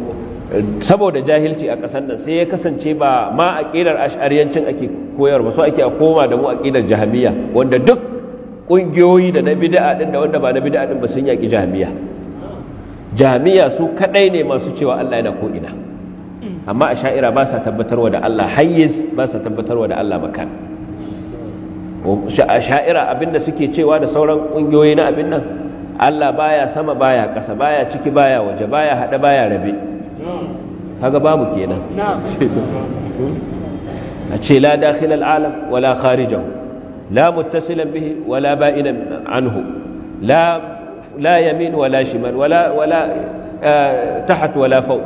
[SPEAKER 1] saboda jahilci a ƙasar nan sai ya kasance ba ma a ƙidar ash'ariyancin ake koyar ba so ake a koma da mu a ƙidar jahamiya wanda duk ƙungiyoyi da na bid'a din da wanda ba na bid'a din ba sun yaƙi jahamiya jahamiya su kadai ne masu cewa Allah yana ko ina amma sha'ira ba sa tabbatarwa da Allah hayyiz ba sa tabbatarwa da Allah makan abin abinda suke cewa da sauran ƙungiyoyi na abin nan Allah baya sama baya ƙasa baya ciki baya waje baya hada baya rabe kaga babu kenan a ce la dakhil al'alam wala kharijahu la muttasilan bihi wala ba'inan anhu la la yamin wala shimal wala wala eh, tahat wala fawq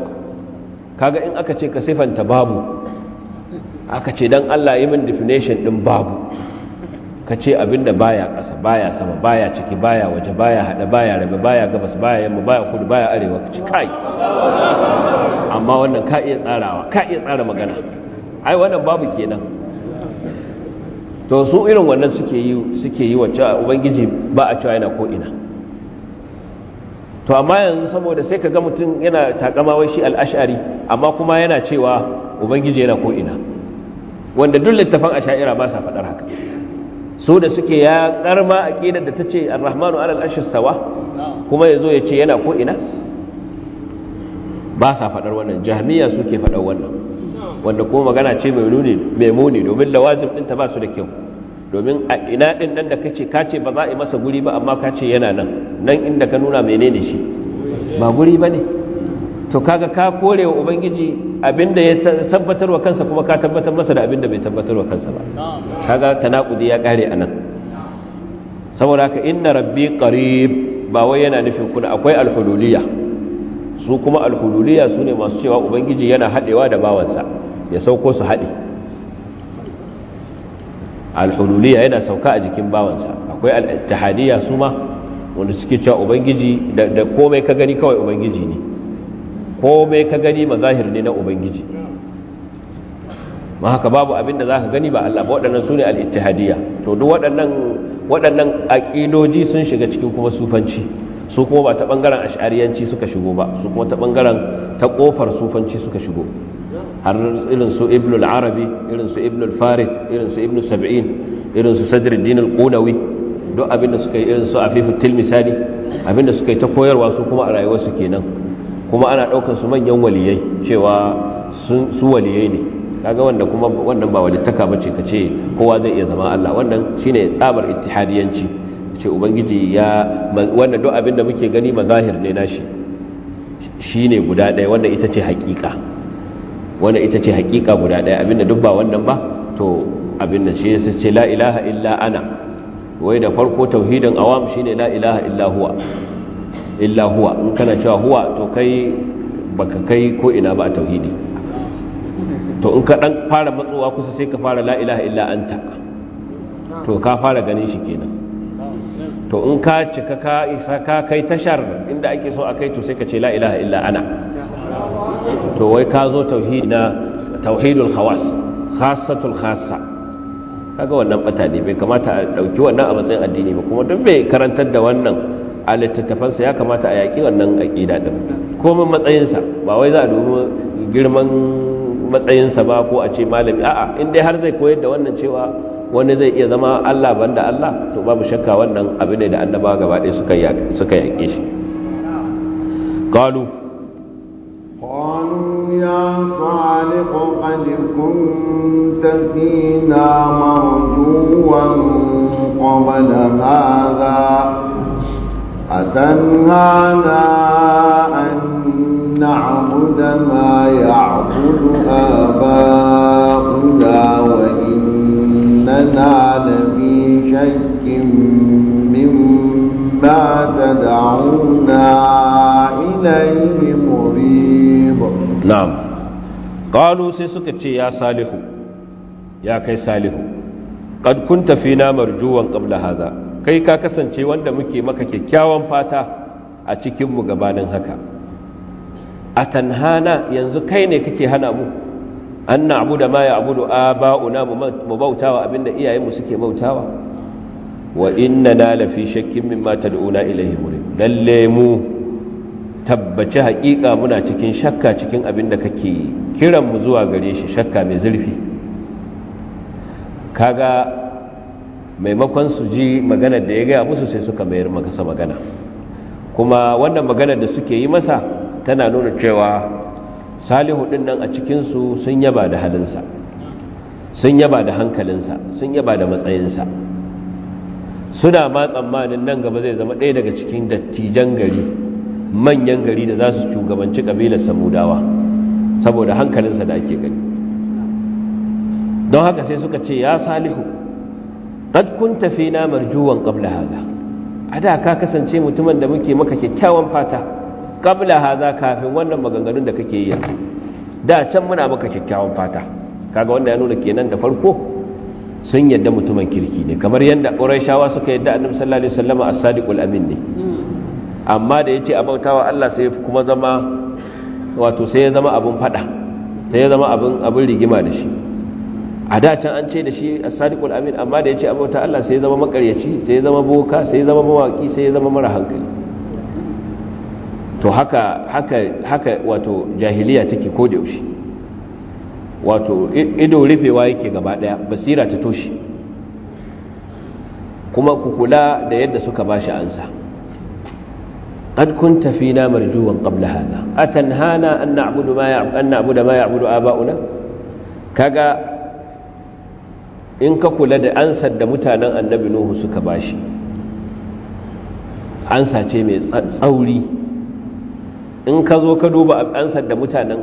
[SPEAKER 1] kaga in aka ce ka sifanta babu aka ce dan Allah yi min definition din babu ka ce abinda baya ƙasa baya sama baya ciki baya waje baya hada baya rabe baya gabas baya yamma baya kudu baya arewa ka ci kai amma wannan ka iya tsarawa ka iya tsara magana ai wannan babu kenan to su irin wannan suke yi suke yi wacce ubangiji ba a cewa yana ko ina to amma yanzu saboda sai ka ga mutum yana takama wai shi al'ashari amma kuma yana cewa ubangiji yana ko ina wanda duk tafan asha'ira ba sa faɗar haka su da suke ya karma aqidar da tace ar-rahmanu alal arshi sawa kuma yazo ya ce yana ko ina ba sa fadar wannan jahmiya suke fadar wannan wanda kuma magana ce mai nuni mai muni domin lawazim din ta ba su da kyau domin a ina din nan da kace kace ba za a yi masa guri ba amma kace yana nan nan inda ka nuna menene shi ba guri bane to kaga ka korewa ubangiji abinda ya tabbatar wa kansa kuma ka tabbatar masa da abinda bai tabbatar wa kansa ba kaga tanakudi ya kare anan saboda haka inna rabbi qarib ba wai yana nufin kuna akwai alhululiya su kuma alhululiya su ne masu cewa ubangiji yana hadewa da bawansa ya sauko su hade alhululiya yana sauka a jikin bawansa akwai al-ittihadiyya su ma wanda suke cewa ubangiji da komai ka gani kawai ubangiji ne komai ka gani mazahir ne na ubangiji ma haka babu abin da za ka gani ba Allah ba waɗannan su ne al'ittihadiyya to duk waɗannan aƙidoji sun shiga cikin kuma sufanci su kuma ba ta ɓangaren ashariyanci suka shigo ba su kuma ta ɓangaren ta ƙofar sufanci suka shigo har irin su ibn al-arabi irin su ibn al-farid irin su ibn sab'in irin su sadruddin al-qunawi duk abin da suka yi irin su afifu abin da suka yi ta koyarwa su kuma a rayuwarsu kenan kuma ana daukar su manyan waliyai cewa su waliyai ne kaga wanda kuma wannan ba walittaka bace kace kowa zai iya zama Allah wannan shine tsabar ittihadiyanci ce ubangiji ya wannan duk abin da muke gani mazahir ne nashi shine guda daya wannan ita ce hakika wannan ita ce hakika guda daya abinda duk ba wannan ba to abin nan shi sai ce la ilaha illa ana wai da farko tauhidin awam shine la ilaha illa huwa illa huwa in kana cewa huwa to kai baka kai ko ina ba a tauhidi to in ka dan fara matsowa kusa sai ka fara la ilaha illa anta to ka fara ganin shi kenan to in ka cika ka isa ka kai tashar inda ake so a kai to sai ka ce la ilaha illa ana to wai ka zo tauhidi na tauhidul khawas khassatul khassa kaga wannan bata ne bai kamata a dauki wannan a matsayin addini ba kuma duk bai karantar da wannan a littattafansa ya kamata a yaƙi wannan aƙida ɗin komin matsayinsa ba wai za a dubi girman matsayinsa ba ko a ce malami a'a in dai har zai koyar da wannan cewa wani zai iya zama Allah ban da Allah to babu shakka wannan abin ne da annaba gaba ɗaya suka yaƙi shi qalu
[SPEAKER 2] qalu ya salih qad kunta fina أتنهانا أن نعبد ما يعبد آباؤنا وإننا لفي شك مما تدعونا إليه مريب
[SPEAKER 1] نعم قالوا سيسكتشي يا صالح يا كي صالح قد كنت فينا مرجوا قبل هذا kai ka kasance wanda muke maka kyakkyawan fata a cikinmu gabanin haka a tanhana yanzu kai ne kake hana mu an na abu da ma ya abu da ba'una mu bautawa abinda iyayenmu suke bautawa wa inna na lafi shakkin min mata da una ilahi muri lalle mu tabbaci haƙiƙa muna cikin shakka cikin abinda kake kiran mu zuwa gare shi shakka mai zurfi kaga maimakon su ji maganar da ya gaya musu sai suka mayar makasa magana kuma wannan maganar da suke yi masa tana nuna cewa salihu din nan a cikinsu sun yaba da halinsa sun yaba da hankalinsa sun yaba da matsayinsa suna ma tsammanin nan gaba zai zama ɗaya daga cikin dattijan gari manyan gari da za su shugabanci ƙabilar samudawa saboda hankalinsa da ake gani don haka sai suka ce ya salihu qad kunta fina marjuwan qabla hadha ada ka kasance mutumin da muke maka kyakkyawan fata qabla hadha kafin wannan maganganun da kake yi da can muna maka kyakkyawan fata kaga wannan ya nuna kenan da farko sun yadda mutumin kirki ne kamar yadda shawa suka yadda annabi sallallahu alaihi wasallama as-sadiqul amin ne amma da yace abautawa Allah sai kuma zama wato sai ya zama abun fada sai ya zama abin rigima da shi a da can an ce da shi a sadiqul amin amma da ya ce abota Allah sai ya zama makaryaci sai ya zama boka sai ya zama mawaki sai ya zama mara hankali to haka haka haka wato jahiliya take ko da yaushe wato ido rufewa yake gaba daya basira ta toshi kuma ku kula da yadda suka bashi ansa قد kunta فينا مرجوا قبل هذا أتنهانا an نعبد ما يعبد, أن نعبد ما يعبد آباؤنا in ka kula da ansar da mutanen annabi nuhu suka bashi ansa ce mai tsauri in ka zo ka duba ansar da mutanen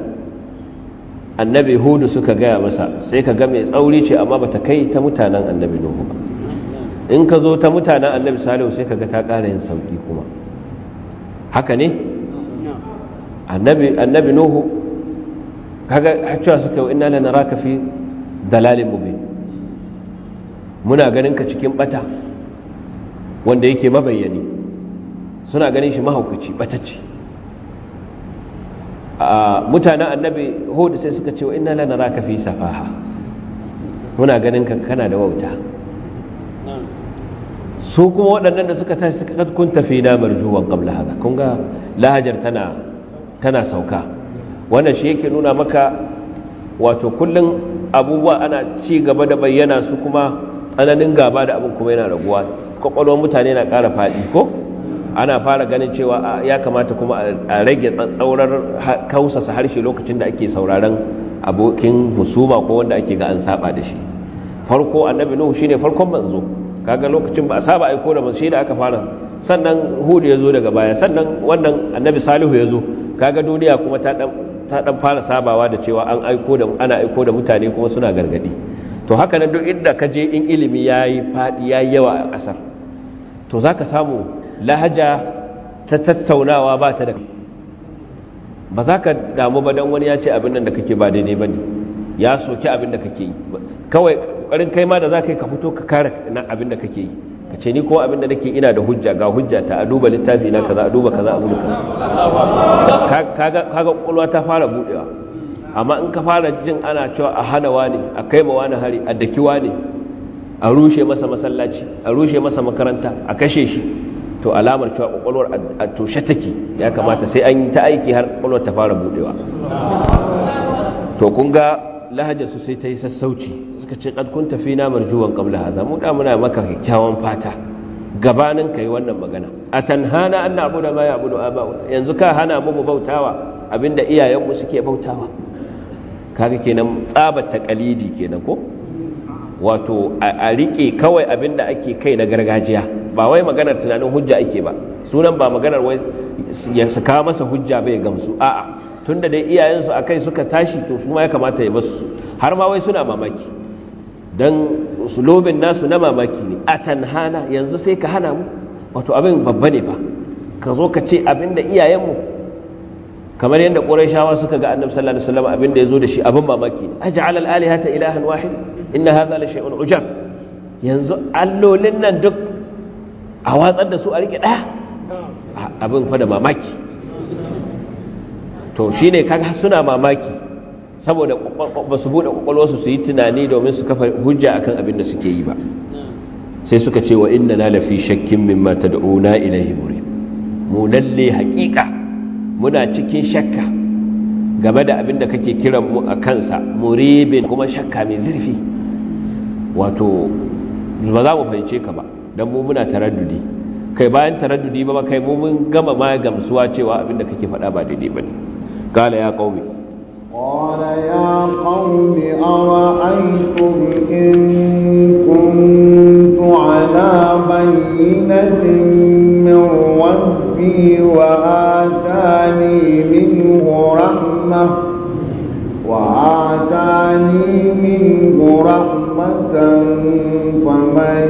[SPEAKER 1] annabi hudu suka gaya masa sai ka ga mai tsauri ce amma ba ta kai ta mutanen annabi nuhu ba in ka zo ta mutanen annabi salihu sai ka ga ta ƙara yin sauƙi kuma haka ne annabi nuhu kaga hacciwa suka yi inna lanaraka fi dalalin mubin muna ganin ka cikin bata wanda yake mabayyani suna ganin shi mahaukaci ce a mutanen annabi hudu sai suka ce wa ina lana raka fi safaha muna ganin ka kana da wauta su kuma waɗannan da suka tashi suka kun tafi na marjuwan qabla haza kun ga lahajar tana tana sauka wannan shi yake nuna maka wato kullum abubuwa ana ci gaba da bayyana su kuma tsananin gaba da abin kuma yana raguwa kwakwalwar mutane na ƙara faɗi ko ana fara ganin cewa ya kamata kuma a rage tsatsaurar kausasa harshe lokacin da ake sauraron abokin musuma ko wanda ake ga an saba da shi farko annabi nuhu shine farkon manzo kaga lokacin ba a saba aiko da manzo shi da aka fara sannan hudu ya zo daga baya sannan wannan annabi salihu ya zo kaga duniya kuma ta dan fara sabawa da cewa an aiko da ana aiko da mutane kuma suna gargadi to haka nan duk inda ka je in ilimi ya yi faɗi ya yawa a ƙasar to za ka samu lahaja ta tattaunawa ba ta da ba za ka damu ba don wani ya ce abin nan da kake ba daidai ba ne ya soki abin da kake yi kawai ƙoƙarin kai ma da za ka yi ka fito ka kare abin da kake yi ka ce ni ko abin da nake ina da hujja ga hujja ta a duba littafi na kaza a duba kaza a duba Ka kaga kaga kwakwalwa ta fara buɗewa amma in ka fara jin ana cewa a hana wani a kai ma wani hari a daki wani a rushe masa masallaci a rushe masa makaranta a kashe shi to alamar cewa kwakwalwar a toshe take ya kamata sai an yi ta aiki har kwakwalwar ta fara budewa to kun ga lahajar su sai ta yi sassauci suka ce kad kun tafi na marjuwan qabla haza mu da muna maka kyakkyawan fata gabanin kai wannan magana a tanhana an da ma da abu yanzu ka hana mu bautawa abinda iyayenmu suke bautawa kaga kenan tsabar takalidi kenan ko wato a rike kawai abinda ake kai na gargajiya ba wai maganar tunanin hujja ake ba sunan ba maganar wai ya saka masa hujja bai gamsu a'a tunda dai iyayensu akai suka tashi to su ma ya kamata ya basu har ma wai suna mamaki dan sulubin nasu na mamaki ne A atanhana yanzu sai ka hana mu wato abin babba ne ba. ka zo ka ce abinda iyayenmu kamar yadda qurayshawa suka ga annabi sallallahu alaihi wasallam abinda yazo da shi abin mamaki aj'al al alihata ilahan wahid inna hadha la shay'un ujab yanzu allolin nan duk a watsar da su a rike daya abin fa da mamaki to shine kaga suna mamaki saboda basu su bude kwakwalwarsu su yi tunani domin su kafa hujja akan abin da suke yi ba sai suka ce wa inna na lafi shakkin mimma tad'una ilayhi muri mu lalle haƙiƙa muna cikin shakka game da abin da kake kiran mu a kansa muribin kuma shakka mai zurfi wato ba za mu fahimce ka ba don mu muna taraddudi kai bayan taraddudi ba kai mu mun gama ma gamsuwa cewa abin da kake faɗa ba daidai ba ne kala ya ƙaumi ya يا
[SPEAKER 2] قوم أرأيتم إن كنت على na من ربي وآتي وآتاني منه رحمة وآتاني منه رحمة فمن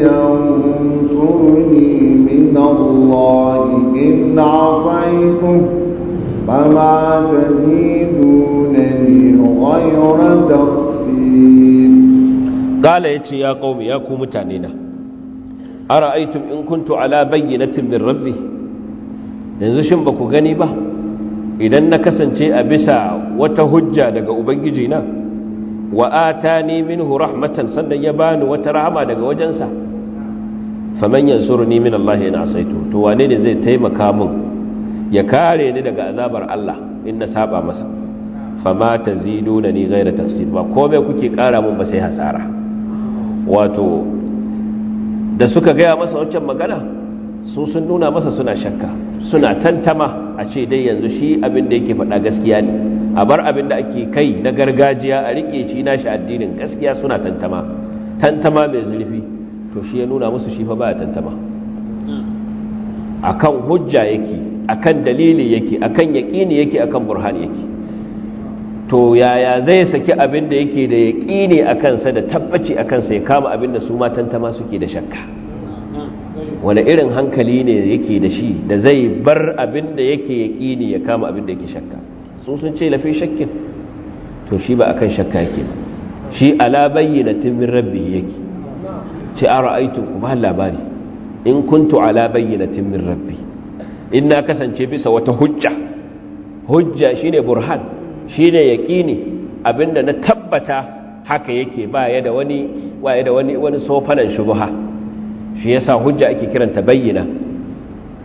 [SPEAKER 2] ينصرني من الله إن عصيته فما تزيدونني
[SPEAKER 1] غير تفسير قال يا قوم يا قوم تانينا أرأيتم إن كنت على بينة من ربي yanzu shin ba ku gani ba idan na kasance a bisa wata hujja daga ubangiji na wa atani minhu rahmatan sannan ya bani wata rahama daga wajensa faman ni min Allah ina saitu to wane ne zai taimaka mun ya kare ni daga azabar Allah in na saba masa fama na ni gaira tafsir ba komai kuke kara mun ba sai hasara wato da suka gaya masa wancan magana su sun nuna masa suna shakka suna tantama a ce dai yanzu shi abinda da yake faɗa gaskiya ne a bar abin da ake kai na gargajiya a rike shi nashi addinin gaskiya suna tantama tantama mai zurfi to shi ya nuna musu shi fa baya tantama akan hujja yake akan dalili yake akan yaqini yake akan burhan yake to yaya zai saki abin da yake da yaqini akan sa da tabbaci akan sa ya kama abin da su ma tantama suke da shakka wani irin hankali ne yake da shi da zai bar abin da yake yaƙini ya kama abin da yake shakka su sun ce lafi shakkin to shi ba akan shakka yake ba shi ala bayyinatin min rabbi yake ce ara'aytu kuma labari in kuntu ala bayyinatin min rabbi in na kasance bisa wata hujja hujja shine burhan shine abin abinda na tabbata haka yake ba ya da wani da sofanan shubha shi yasa hujja ake kiranta bayyana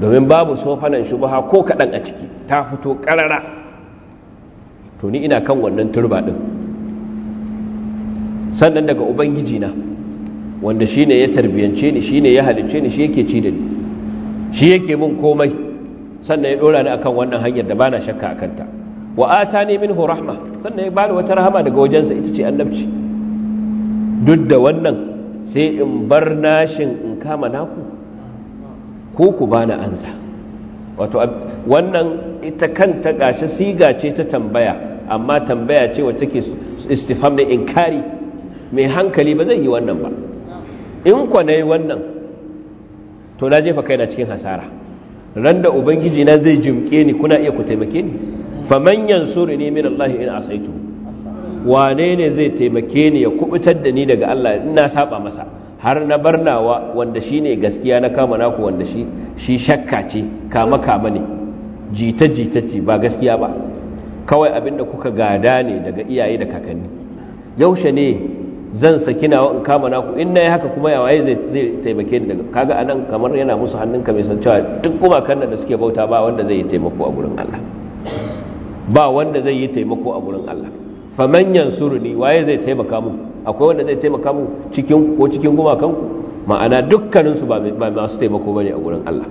[SPEAKER 1] domin babu sofanan shubha ko kadan a ciki ta fito karara to ni ina kan wannan turba din sannan daga ubangiji na wanda shine ya tarbiyance ni shine ya halicce ni shi yake ci da ni shi yake mun komai sannan ya dora ni akan wannan hanyar da bana shakka akan ta wa atani minhu rahma sannan ya bani wata rahama daga wajensa ita ce annabci duk da wannan sai in bar nashin in kama naku ko ku bani ansa wato wannan ita kanta gashi siga ce ta tambaya amma tambaya ce wacce ke istifham da inkari mai hankali ba zai yi wannan ba in na yi wannan to na jefa kai na cikin hasara ran da ubangiji na zai jimke ni kuna iya ku taimake ni faman yansuri ne min Allah in asaitu wane ne zai taimake ni ya kubutar da ni daga Allah ina saba masa har na barnawa wanda shi ne gaskiya na kama naku wanda shi shi shakka ce kama kama ne jita jita ce ba gaskiya ba kawai abinda kuka gada ne daga iyaye da kakanni yaushe ne zan saki nawa in kama naku in na yi haka kuma ya waye zai taimake ni daga kaga anan kamar yana musu hannunka mai san cewa duk kanna da suke bauta ba wanda zai yi taimako a gurin Allah ba wanda zai yi taimako a gurin Allah fa man yansuruni waye zai taimaka mu akwai wanda zai taimaka mu cikin ko cikin gumakan ku? ma'ana dukkaninsu ba masu taimako bane a gurin Allah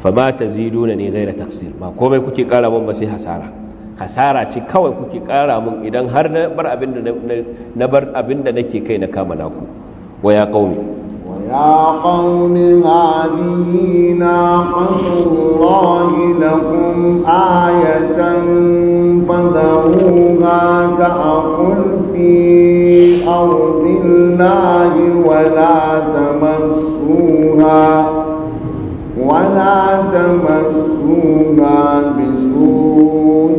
[SPEAKER 1] fa ma taziduna ni ghaira taqsir ba komai kuke kara mun ba sai hasara hasara ce kawai kuke kara mun idan har na bar abin da na bar abin nake kai na kama naku wa ya qaumi
[SPEAKER 2] wa ya qaumi hadhihi naqatullahi lakum ayatan fadhuha ta'qul fi أرض الله ولا تمسوها ولا تمسوها بسوء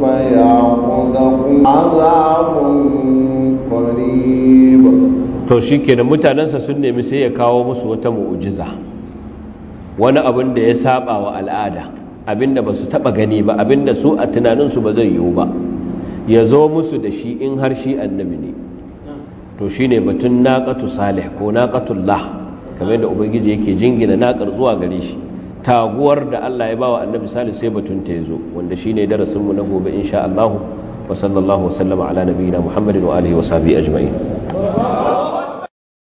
[SPEAKER 2] فيأخذكم عذاب قريب
[SPEAKER 1] to shikenan mutanensa sun nemi sai ya kawo musu wata mu'ujiza wani abin da ya saba wa al'ada abinda ba su taɓa gani ba abinda su a tunaninsu ba zai yiwu ba ya zo musu da shi in har shi annabi ne to shine batun naqatu salih ko naqatullah kamar da ubangiji yake jingina naƙar zuwa gare shi taguwar da Allah ya bawa annabi salih sai batun ta zo wanda shine darasin mu na gobe in sha wa sallallahu wa sallama ala nabiyina muhammadin wa alihi wa sahbihi ajma'in